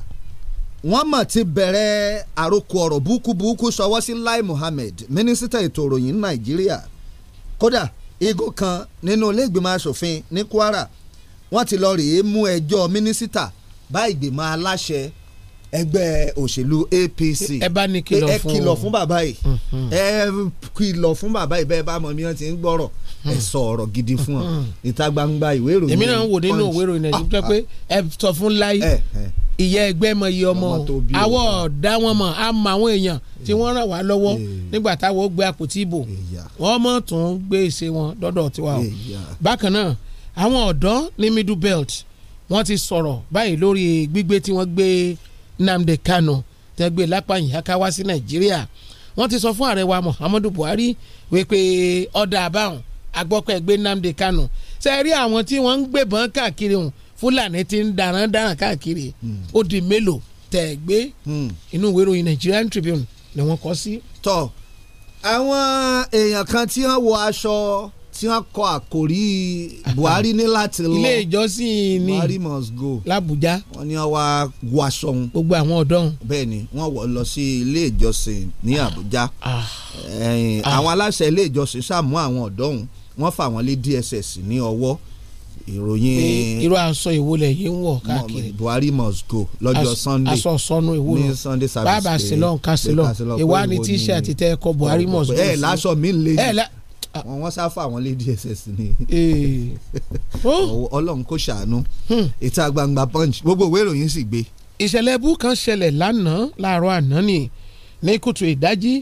wọ́n mọ̀ ti bẹ̀rẹ̀ àròkọ ọ̀rọ̀ búkúbúkú sọwọ́ sí Lai Mohammed mínísítà ètò ìròyìn Nàìjíríà kódà igbó kan nínú ilé ìgbìmọ̀ asòfin ní Kwara wọ́n ti lọ rèé mú ẹjọ́ mínísítà bá ìgbìmọ̀ aláṣẹ ẹgbẹ́ òṣèlú APC ẹ bá ní kìlọ̀ fún ẹ kìlọ̀ fún bàbá yìí hmm, hmm. ẹ kìlọ̀ fún bàbá yìí bẹ́ẹ̀ bá mọ̀ mi ti ń gbọ́rọ̀ ẹ hmm. sọ ọ̀rọ̀ gidi fún ọ ìta gbangba ìwé ìròyìn èmi náà ń wò nínú ìwé ìròyìn Nàìjíríà pé ẹ sọ fún Lai eh, eh ìyá ẹgbẹ́ mọ iye ọmọ o àwọ̀ ọ̀dá wọn mọ̀ a mọ àwọn èèyàn tí wọ́n ràn wá lọ́wọ́ nígbà táwọn gbé àpótí ìbò wọ́n mọ̀ tún gbé èsè wọn dọ́dọ̀ tiwa o. bákan náà àwọn ọ̀dọ́ ní middle belt wọ́n ti sọ̀rọ̀ báyìí lórí gbígbé tí wọ́n gbé Nnamdi Kanu tẹ́ gbé lápá ìyáká wá sí Nàìjíríà wọ́n ti sọ fún ààrẹ wa Muhammadu Buhari wípé ọ̀dà àbáwọn agbọ́pẹ́ gbé Nnamdi Kanu ṣe rí àwọn tí wọ́n ń fúlàní ti ń darán darán káàkiri ó di mélòó tẹ̀ ẹ́ gbé hmm. inú ìwé ìròyìn Nigerian Tribune ni wọ́n kọ sí. tọ́ àwọn èèyàn kan tí wọ́n wọ aṣọ tí wọ́n kọ àkòrí Buhari ní láti lọ ilé ìjọsìn ni Buhari must go l'Abuja wọ́n ní wọ́n wá wọ aṣọ wọn. gbogbo àwọn ọ̀dọ́. bẹ́ẹ̀ ni wọ́n wọ̀ lọ sí ilé ìjọsìn ní ah. Abuja ah. Ah. àwọn aláṣẹ ilé ìjọsìn sàmú àwọn ọ̀dọ́ wọn fà wọ́n lé DSS ní ọwọ́ ìròyìn. irú aṣọ ìwọlẹ̀ yìí ń wọ̀ káàkiri. Buhari must go lọ́jọ́ Sunday. aṣọ sọnù ìwúrò ní Sunday service. bàbá sílọ̀ ń ká sílọ̀ ìwà ni t-shirt tẹ́ ẹ kọ Buhari must go. ẹ láṣọ mi lè wọn wọn sáfà wọn lé DSS ni eh. Ọlọ́run kò ṣàánú hmm. ìta gbangba punch gbogbo ìwé ìròyìn sì gbé. ìṣẹ̀lẹ̀ ẹbú kan ṣẹlẹ̀ lánàá láàárọ̀ àná ni ní kùtù ìdájí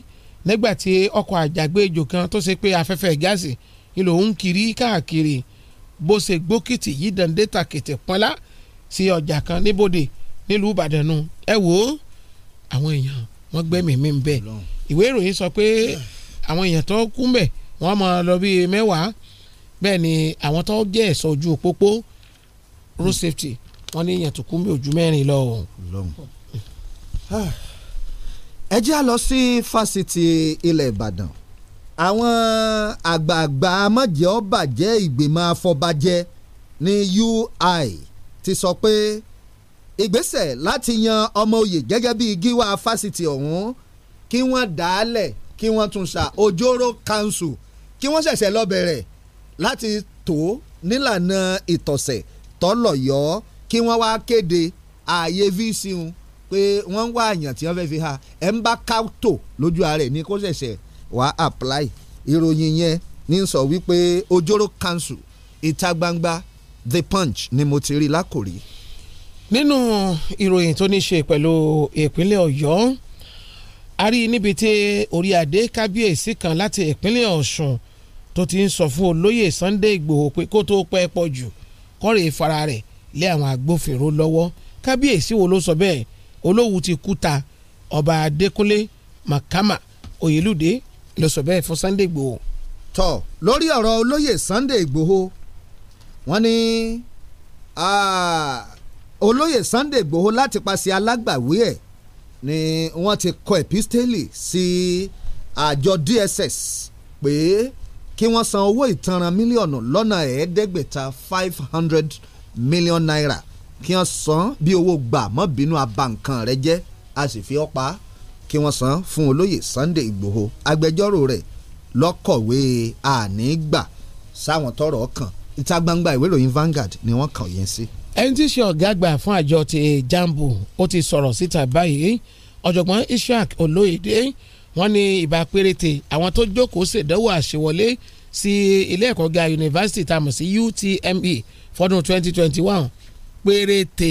nígbà tí ọkọ̀ àjàgbé ejò kan tó ṣe pé afẹ́fẹ́ gáàsì ìlò ń kiri káàkiri. Ka bó ṣe gbókìtì yìí dande tàkìtì pọ́nlá sí ọjà kan níbodè nílùú ìbàdàn nù ẹ wò ó àwọn èèyàn wọ́n gbẹ́mìí ń bẹ̀ ìwé ìròyìn sọ pé àwọn èèyàn tó kú ń bẹ̀ wọ́n mọ̀ lọ bíi mẹ́wàá bẹ́ẹ̀ ni àwọn tó jẹ́ ẹ̀ṣọ́ ojú pópó road safety wọ́n ní èèyàn tó kú ń bẹ̀ ojú mẹ́rin lọ o. Ah. ẹ jẹ́ a lọ sí fásitì ilẹ̀ ìbàdàn àwọn àgbààgbà mọ̀jẹ̀ ọ̀bàjẹ́ ìgbìmọ̀ afọbajẹ ní UI ti sọ pé ìgbésẹ̀ láti yan ọmọ oyè gẹ́gẹ́ bíi gíwá fásitì ọ̀hún kí wọ́n dàálẹ̀ kí wọ́n tún sa ojoro council kí wọ́n ṣẹ̀ṣẹ̀ lọ bẹ̀rẹ̀ láti tó nílànà ìtọ̀sẹ̀ tọ́lọ̀yọ́ kí wọ́n wá kéde ààyè vc un pé wọ́n ń wá àyàn tí wọ́n fẹ́ fi ha ẹ̀ ń bá káwtó lójú ara ẹ̀ ní kó ṣẹ̀ṣẹ̀ wàá apply ìròyìn yẹn ní sọ wípé ojóró council ìta gbangba the punch ni mo ti rí lákòrí. nínú ìròyìn tó ní ṣe pẹ̀lú ìpínlẹ̀ ọ̀yọ́ a rí níbi tí orí adé kábíyèsí kan láti ìpínlẹ̀ ọ̀ṣun tó ti ń sọ fún olóyè Sunday Ìgbòho pé kó tó pẹ́ pọ̀ jù kọ́rè fara rẹ̀ lé àwọn agbófinró lọ́wọ́ kábíyèsí wo ló sọ bẹ́ẹ̀ olówù ti kú ta ọba adékúnlé makama oyelude ló sọ bẹ́ẹ̀ fún Sunday Igboho. tọ lórí ọ̀rọ̀ olóyè Sunday Igboho wọ́n ní olóyè Sunday Igboho láti paṣẹ alágbàwí ẹ̀ ni wọ́n ti kọ epistele sí àjọ DSS pé kí wọ́n san owó ìtanràn mílíọ̀nù lọ́nà ẹ̀ẹ́dẹ́gbẹ̀ta five hundred million naira kí wọ́n san bí owó gbà mọ́ bínú abankan rẹ jẹ́ a sì fi ọ́ pa á kí wọ́n san fún olóyè Sunday Ìgbòho agbẹjọ́rò rẹ̀ lọ́kọ̀wé ànígbà sáwọn tọrọ kàn ìta gbangba ìwé ìròyìn Vanguard ni wọ́n kàn yẹn sí. ẹni tí í ṣe ọ̀gá àgbà fún àjọ ti jambo ó ti sọ̀rọ̀ síta báyìí ọ̀jọ̀gbọ́n Ishaq Olóyèdè wọ́n ní ìbá péréte àwọn tó jókòó ṣèdánwò àṣewọlé sí ilé ẹ̀kọ́ ga yunifásitì tá a mọ̀ sí UTME fọdún 2021 péréte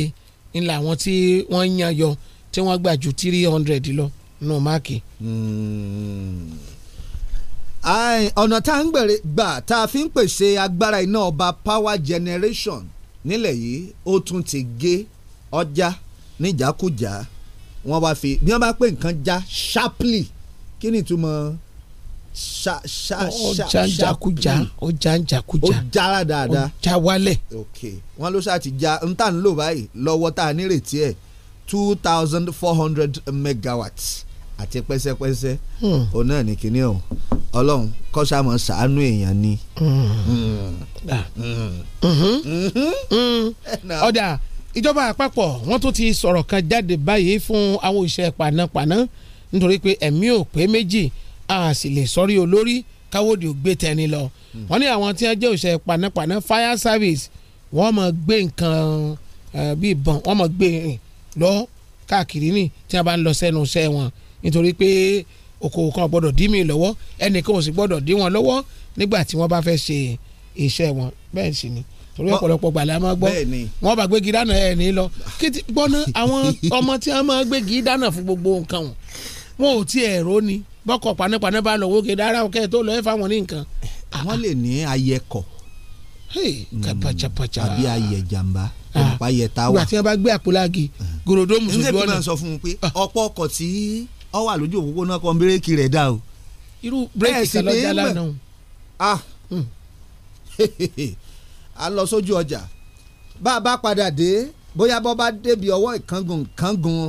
ńlá àwọn tí wọ́n yan yọ tí wọ́n gbà ju 300 lọ nù máàkì. Hmm. ọ̀nà tá à ń gbà tá a fi ń pèsè agbára iná ọba power generation nílẹ̀ yìí ó tún ti gé ọjà níjàkújà wọ́n wá fi bí wọ́n bá pè nǹkan já sharply kí ni ìtumọ̀ ṣa ṣa ṣa ṣa jakuja ó já jakuja ó jára dáadáa ó já wálẹ̀. ok wọn ló ṣáà ti já n tá n lò báyìí lọ́wọ́ tá a nírètí ẹ̀ two thousand four hundred megawatts àti pẹ́sẹ́pẹ́sẹ́ hmm. òun náà ní kinní ọ̀hún ọlọ́run kọ́sàmọ́ sàánú èèyàn ni. Hmm. Hmm. ọ̀dà ìjọba àpapọ̀ wọ́n tún ti sọ̀rọ̀ kan jáde báyìí fún àwọn òṣìṣẹ́ panápaná nítorí pé ẹ̀mí ò pé méjì a sì lè sọrí olórí káwọ́dì ò gbé tẹni lọ. wọ́n ní àwọn tí wọ́n jẹ́ òṣìṣẹ́ panápaná fire service wọ́n máa gbé nǹkan eh, bíi ìbọn wọ́n máa gbé lọ káàkiri ní tí wọ́n bá ń lọ sẹ́nu iṣẹ́ wọn nítorí pé okòwò kan gbọ́dọ̀ dí mi lọ́wọ́ ẹnìkan ò sì gbọ́dọ̀ dí wọn lọ́wọ́ nígbà tí wọ́n bá fẹ́ ṣe iṣẹ́ wọn bẹ́ẹ̀ sì ni torí ọ̀pọ̀lọpọ̀ gbà la máa gbọ́ wọ́n bá gbégi dáná ẹ̀ ní lọ ah. kété gbọ́ná àwọn ọmọ tí wọ́n máa gbégi dáná fún gbogbo nǹkan wọn wọn ò tí ẹ̀ ró ni bọ́kọ̀ panápaná bá lọ wókè dára ọ̀kẹ́ tó lọ ẹ̀ fáwọn ní nǹkan. Ah, wọ́n lè ní ayẹkọ̀ kàpàchàpàchà àbí ayẹ jàmbá ọ̀pá ah. ayẹ táwa. ìgbà tí wọ́n bá gbé àpòlági gòròdó mùsùlùmí ọ̀nà ọ wà lójú òpópónà kan bírèkì rẹ̀ dá o. irú bírèkì kan lọ́jà lánàá. a ah. hmm. a lọ sójú ọjà bá a bá padà dé bóyá bọ́ bá débi ọwọ́ ìkángun ìkángun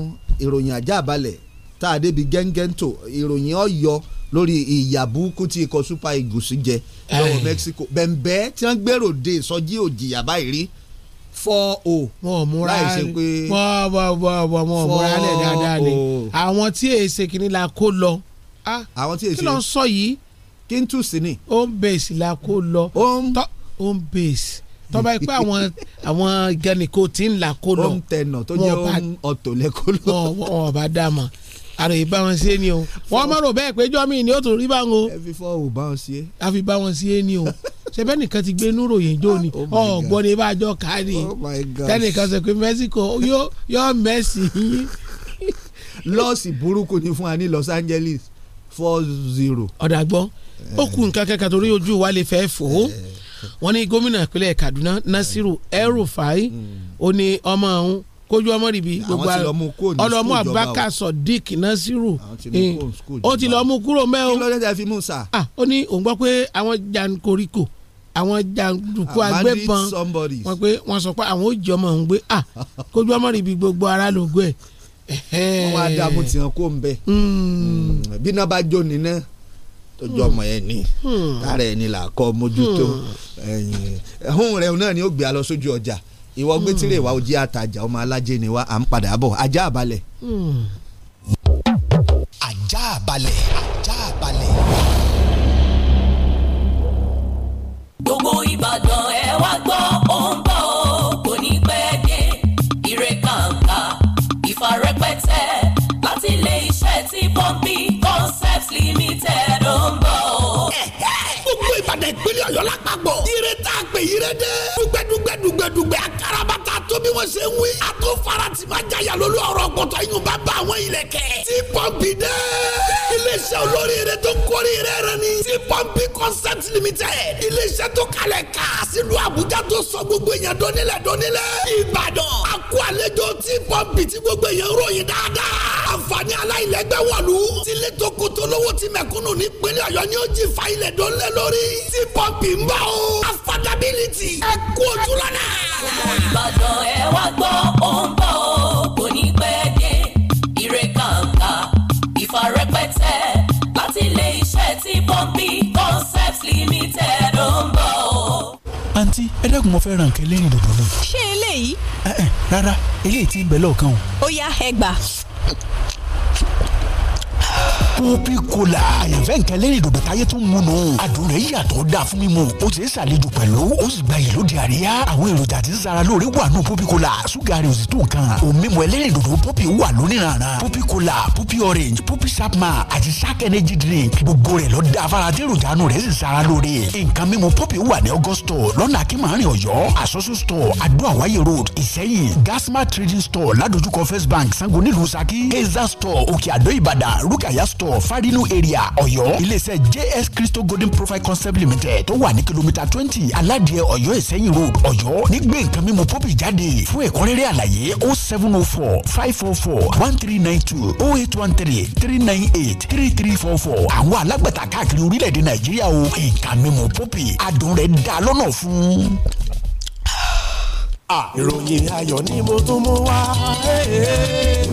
ìròyìn ajá balẹ̀ tá a débi gẹ́ngẹ́ntò ìròyìn ọ̀yọ́ lórí ìyà burúkú tí ikọ̀ super eagles jẹ lọ́wọ́ Mexico bẹ̀m̀bẹ́ tí wọ́n gbèrò de ìsọjí òjìyà báyìí rí four o. Oh. wọn ò múra láì ṣe pé wọn wọn wọn wọn wọn ò múra lẹ oh. dáadáa ni àwọn tí èsè kìíní la kó lọ. Ah, àwọn tí èsè kí ló ń sọ yìí. kí n tù sí ni. home base la kó lọ. home home base tọ́ba yìí pé àwọn àwọn gẹnìkó tí ń là kó lọ. home tenor tó jẹ́ home ọ̀tọ̀ lẹ́kọ́ lọ. wọn ò bá dá mọ́ àròyé bá wọn sí ẹni o wọn mọ̀rọ̀ bẹ́ẹ̀ pé jọ́mí ni ó tún rí báwọn o. ẹ fi fọ́ ò wọn sí ẹ. a fi bá wọn sí ẹni o sẹbẹ ti gbé níròyìn jó ni oh ọgbọ́n ní bá jọ káàdì oh tẹnìkan sọ pé Mexico yóò mẹ́sì yín. lọ́ọ̀sì burúkú ni fún wa ní Los Angeles four zero. ọ̀dà gbọ́ ó kù nǹkan kẹ́kẹ́ torí ojú wa lè fẹ́ fò ó eh. wọ́n ní gómìnà ìpínlẹ̀ Kaduna Nasiru El-Rufai mm. ó ní ọmọ ọ̀hún kójú ọmọ rìbí gbogbo ọlọmọ abubakar sodiq nasiru ó ti lọ mú kúrò eh, mẹ́o kí ló dé tẹ́ fi mú sa. Ah, ó ní òun gbọ́ pé àwọn jankoríko àwọn jàǹdùkú ah, agbébọn wọn pé wọn sọ pé àwọn òjì ọmọ òun gbé à ah, kójú ọmọ rìbí gbogbo ara lógo ẹ. wọn wá dààmú tiwọn kó ń bẹ hmm. Hmm. bí náà bá jó ni náà tójú hmm. ọmọ yẹn ni tààrà ẹni là kọ́ mójútó ẹ̀hún rẹ̀ náà ni ó gbé a lọ sójú ọjà ìwọ gbé hmm. tirẹ̀ wa ojí àtàjà ọmọ alájẹ ni wa à ń padà bọ̀ ajá balẹ̀. Hmm. ajá balẹ̀ ajá balẹ̀. gbogbo Ìbàdàn ẹ wá gbọ́ ó ń bọ̀ ó kò ní pẹ́ dé ire kàǹkà ìfarẹ́pẹ́tẹ́ láti ilé iṣẹ́ tí pọ́ńpì concepts limited ó ń bọ̀ ó àtẹ̀pẹ́lẹ̀ ọ̀yọ́ lápapọ̀ ire tá a pè ire dé dùgbẹ́dùgbẹ́dùgbẹ́dùgbẹ́ akaraba tó bí wọ́n ṣe ń wí. a tó fara tí ma jaya lólu ọ̀rọ̀ gbọ̀tọ̀ yín bá bá àwọn ilẹ̀ kẹ́. ti pọ́ǹpì dẹ́. iléeṣẹ́ olórí rẹ tó ń kórè rẹ rẹ ni. ti pọ́ǹpì consent limited. iléeṣẹ́ tó kalẹ̀ ká sílùú àbújá tó sọ gbogbo èèyàn dọ́nílẹ̀ dọ́nílẹ̀. ìbàdàn a kó àlejò ti pọ́ǹpì tí gbogbo èèyàn ròyìn dáadáa. àǹfààní aláìlẹ́gbẹ́ wọ̀lú. ti ìbàdàn ẹ wá gbọ́ ó ń bọ̀ ó kò ní pẹ́ dé ire kàǹkà ìfarẹ́pẹ́tẹ́ láti ilé iṣẹ́ tí àǹtí ẹ mo fẹ́ ra nǹkan lẹ́yìn dòdò náà. ṣé eléyìí. Eh, eh, rárá eléyìí ti bẹ̀ lọ́ọ̀kan o. ó yá ẹ kópì kola àyànfẹ́ nǹkan lẹ́yìn dòdò táyé tó ń mu nù adùn rẹ̀ yàtọ̀ dáa fún mímu ó ti ń ṣàlejò pẹ̀lú ó sì gba yẹ̀lódì àríyá àwọn èròjà tí ń sara lóore wà nù kópì kola ṣúgà rẹ̀ ò sì tó nǹkan òun mímu ẹlẹ́rìn dòdò pọ́pì wà lóníranran pọ́pì kola pọ́pì orange pọ́pì sapma àti shark energy drink gbogbo rẹ̀ lọ da afárá tí èròjà nù rẹ̀ sì sara lóore nǹkan mímu pọ́pì wà ní augusto lọ́nà akínmọ́rin ọ̀yọ́ àsọ́sù store adó àwáyé road ìsẹ́yìn gasma trading store ládojúkọ first bank sango nílùú saki keza store òkè àdó ìbàdàn rúkàyà store store fadinu area ọ̀yọ́ iléeṣẹ́ js crystal golden profile concept limited tó wà ní kìlómítà twenty aládìẹ ọ̀yọ́ ìsẹ́yìn road ọ̀yọ́ nígbè nǹkan mímu pọ́pì jáde fún ẹ̀kúnrẹ́rẹ́ àlàyé o oh seven o oh four five four four one three nine two o oh eight one three three nine eight three three four four àwọn alágbàtà káàkiri orílẹ̀-èdè nàìjíríà o nǹkan mímu pọ́pì adùn rẹ̀ dá lọ́nà fún. Ah. ìròyìn ayọ̀ ni mo tún mú wá.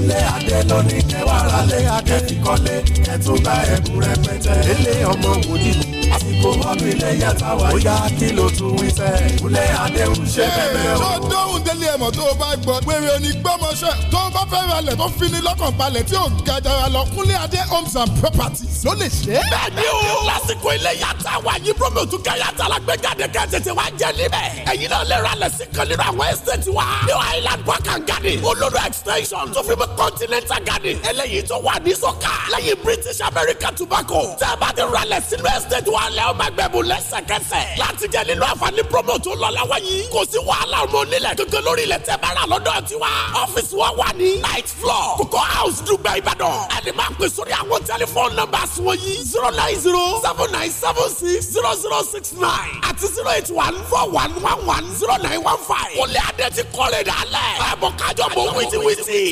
ilé adé ló ní kẹwàá rálé adé ti kọ́lé ẹ̀tún bá ẹ̀kú rẹpẹtẹ. ilé ọmọ wòlíì àsìkò ọdún iléyá táwa yá kí ló tún wí sẹ́ ìkúlẹ̀ àdéhùn ṣe bẹ̀rẹ̀ o. tó dóhùn délé ẹ̀mọ́ tó o bá gbọ́ wèrè onígbọ́mọṣẹ́ tó o bá fẹ́ ralẹ̀ tó fi ní lọ́kàn balẹ̀ tí ò ga jara lọ kúnlé adé homes and properties ló lè ṣe. bẹ́ẹ̀ni o lásìkò iléyá táwa yìí promo tún kẹyà tala gbẹjáde kẹ tètè wá jẹ níbẹ̀. ẹ̀yin náà lè ralẹ̀ sí kan nínú àwọn estate wa new island park and garden olódò extension tó fi mọ́ continental garden eléyìí tó wà ní sọ́kà lẹ́yìn british american tobacco tẹ́ bá ti ralẹ̀ sínú estate wa lẹ̀ ó máa gbẹ̀bù lẹ́sẹ̀kẹsẹ̀. láti jẹ́ nínú àǹfààní promo tó lọ lọ́wọ́ yìí kò sí wàhálà ọmọ onílẹ̀ kankan lórí ilẹ̀ tẹ́ bára lọ́dọ̀ tiwa. ọ́fíìsì wa wà ní night floor kókó house dùgbà ìbàdàn. ẹni máa pè sórí àwọn tẹlifóònù nọ́mbà wọn yìí zero nine zero seven nine seven six zero zero six nine àti zero eight one four one one one zero nine one five. olè adé ti kọ́lé dàlẹ́. ẹ̀bùn kájọ bọ̀ wìtìwìtì.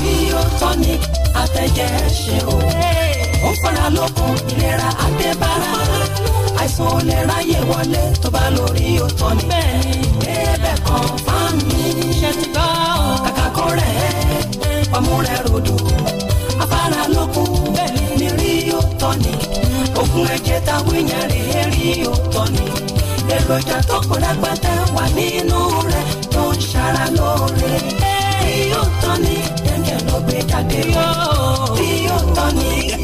Bio tonic, atẹ̀jẹ̀ ṣe o. Hey ó fara lókun ìlera àtẹ̀bára àìsàn ò lè ráyè wọlé tó bá lórí òótọ́ ni. bẹ́ẹ̀ni bẹ́ẹ̀ kan fáàmì ṣe ti gbọ́. kàkà kó rẹ̀ ẹ́ ọmú rẹ̀ rodò afárá lókun bẹ́ẹ̀ni ni rí òótọ́ ni òkun ẹ̀jẹ̀ ta wíyàn rè é rí òótọ́ ni èròjà tó kọ́ lágbàtà wà nínú rẹ̀ tó ń ṣara lóore gbé jáde rio tonic.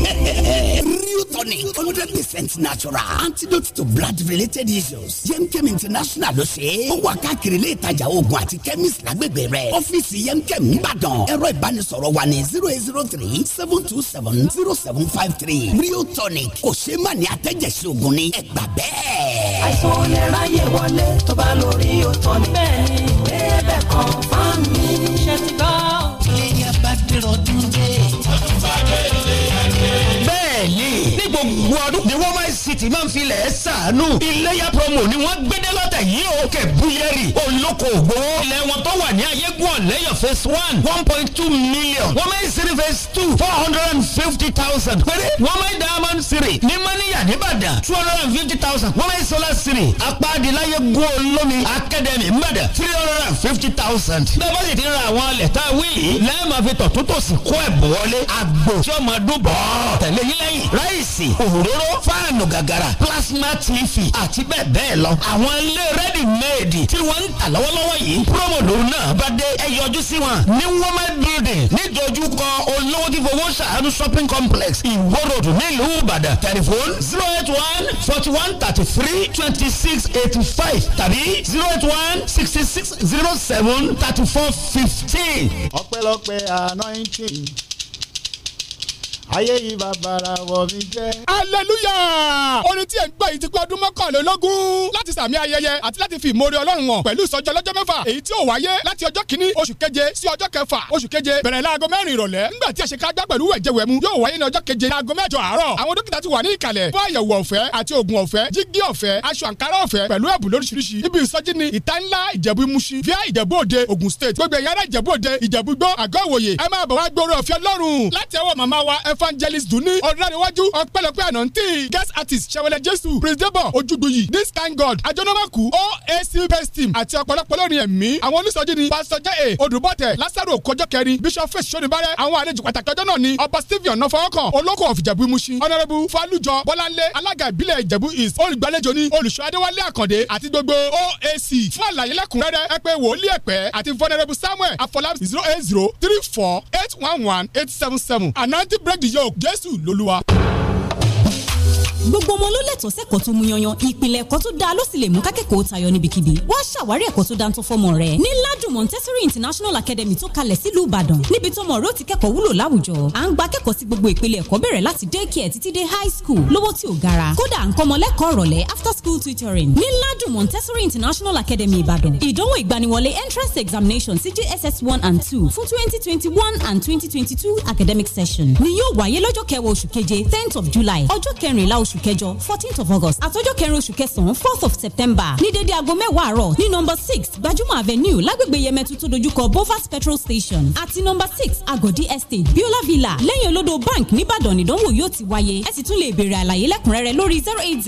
rio tonic hundred percent natural antidote to blood related issues yemkem international ló ṣe é. ó wà káàkiri ilé ìtajà oògùn àti chemist lágbègbè rẹ ọ́fíìsì yemkem nìbàdàn ẹ̀rọ ìbánisọ̀rọ̀ wà ní zero eight zero three seven two seven zero seven five three rio tonic kò ṣe é mà ní atẹ́jẹsí oògùn ni ẹ gbà bẹ́ẹ̀. àìsàn olè ráyè wọlé tó bá lórí rio tonic. bẹ́ẹ̀ni bẹ́ẹ̀ bẹ́ẹ̀ kan fáàmì ṣe ti gbọ́. Pero tú gbogbo ọdún ni wọ́n máa ń sì máa ń filẹ̀ ẹ́ sàánú. iléyà promo ni wọ́n gbédé lọ́tẹ̀ yìí ó kẹ̀ búyẹ́rì olóko ilẹ̀ wọn tó wà ní ayégun ọ̀lẹ́yọ̀ phase one one point two million. wọ́n máa ń siri phase two four hundred and fifty thousand. péré wọ́n máa ń diamond siri ní mọ́níyà nìbàdàn two hundred and fifty thousand. wọ́n máa ń solar siri apáàdìláyé olómi akademi mbàdàn three hundred and fifty thousand. bẹ́ẹ̀ bá sì ti ra àwọn alẹ̀ tá a wí yìí lẹ́ẹ̀ máa fi tọ̀tún tòsí kó ẹ̀bùn wọlé àgbò tí ọmọ dùn bọ̀ tẹ̀lé yín lẹ́yìn ráìsì òróró fáànù gàgàrà plasma tv àti bẹ́ẹ̀ bẹ́ẹ̀ lọ. àwọn ilé rẹ́dì méèdì tí wọ́n ń tà lọ́wọ́lọ́wọ́ yìí promo lòun náà bá dé ẹ sí wọn ní women building nídojúkọ olówó tí fowó ṣàánú shopping complex ìwó road nílùú ìbàdàn tẹlifóònù zero eight one forty one thirty three twenty six eighty five tàbí zero eight one sixty six zero seven thirty four fifteen. ọpẹ́lọpẹ́ anointing ayé yìí bàbàrà wọ̀ mí jẹ́. hallelujah orin tí ẹ̀ ń gbọ́ yìí ti pé ọdún mọ́kànlélógún láti sàmì ayẹyẹ àti láti fi ìmoore ọlọ́run hàn pẹ̀lú ìsọjọ́ lọ́jọ́ mẹ́fà èyí tí ó wáyé láti ọjọ́ kìíní oṣù keje sí ọjọ́ kẹfà oṣù keje bẹ̀rẹ̀ láago mẹ́rin ìrọ̀lẹ́ nígbà tí àṣekágbá pẹ̀lú ẹ̀jẹ̀wẹ̀mu yóò wáyé ní ọjọ́ keje láago mẹ́jọ àárọ̀ àwọn dókítà ti wà ní ìkàlẹ̀ fún àyẹ̀wò ọ̀fẹ́ àti oògùn ọ̀fẹ́ jígí ọ̀fẹ́ aṣọ àǹkárá ọ̀fẹ́ pẹ̀lú ẹ̀bùn lóríṣiríṣi ibi ìsọjí ni ìta ìjẹ̀bú ìmúṣi via ìjẹ̀bú òde Ògùn state gbogbo ẹ̀yà ara ìjẹ̀bú òde ìjẹ̀bú gbó àgọ́ ìwòye ẹ máa bọ̀ wá gbóòrò ọ̀fẹ́ ọlọ́run láti ẹwọ́ màmá wa ẹf evangelist duni ọ̀dúnràníwájú ọ̀pẹ̀lọpẹ̀ ànántì guest artist sẹ̀wẹ̀lẹ̀ jésù pírẹsidẹ́bọ̀ ojúdòyì this kind god àjọnọ́mọ̀kù oac best team àti ọ̀pọ̀lọpọ̀ lórí ẹ̀mí àwọn onísọjí ni pastor jẹ́ odùbọ̀tẹ̀ lásàrò kọjọ́ kẹrin bishop fèsì sọ́nibárẹ́ àwọn àlejò pàtàkì ọjọ́ náà ni ọba stephen ọ̀nàfọwọ́kàn olóko of ìjẹ̀bú muṣin honourable falujọ bọ́láńlé alága ìbílẹ̀ ìjẹ̀bú east olùgbàlejò ni olùṣọ́ adéwálé àkàndé àti gbogbo oac fún àlàyé lẹ́kùnrẹ́rẹ́ ẹ pé wòlíì ẹ̀pẹ́ àti venerable samuel afọlábí zero eight zero three four eight one one eight seven seven ananti break dìyọ Jésù lolúwa gbogbo ọmọ ló lẹ́tọ̀ọ́ sẹ́kọ̀ọ́ tó mú yanyan ìpìlẹ̀ ẹ̀kọ́ tó dáa ló sì lè mú kákẹ́kọ̀ọ́ tayọ níbikíbi wá ṣàwárí ẹ̀kọ́ tó dáńtọ́ fọ́mọ rẹ ní ládùn montessori international academy tó kalẹ̀ sílùú ìbàdàn níbi tọ́mọ rẹ ó ti kẹ́kọ̀ọ́ wúlò láwùjọ à ń gba akẹ́kọ̀ọ́ sí gbogbo ìpele ẹ̀kọ́ bẹ̀rẹ̀ láti daycare títí dé high school lówó tí gara kódà à ń kọ́ after school tutoring ní ládùn montessori international academy ìbàdàn ìdánwò ìgbaniwọlé entrance examination sí one and two fún twenty and twenty academic session ni yóò wáyé lọ́jọ́ kẹwàá tenth of july ọjọ́ kẹrìnlá oṣù kẹjọ fourteenth of august àtọjọ́ kẹrin oṣù kẹsàn fourth of september ní dédé aago mẹ́wàá àárọ̀ ní number six gbajúmọ̀ avenue lágbègbè yẹmẹtu tó dojúkọ bovas petrol station àti number six agodi estate biola villa lẹ́yìn olódò bank nìbàdàn ìdánwò yóò ti wáyé ẹ sì tún lè béèrè àlàyé lẹ́kùnrẹ́rẹ́ lórí zero eight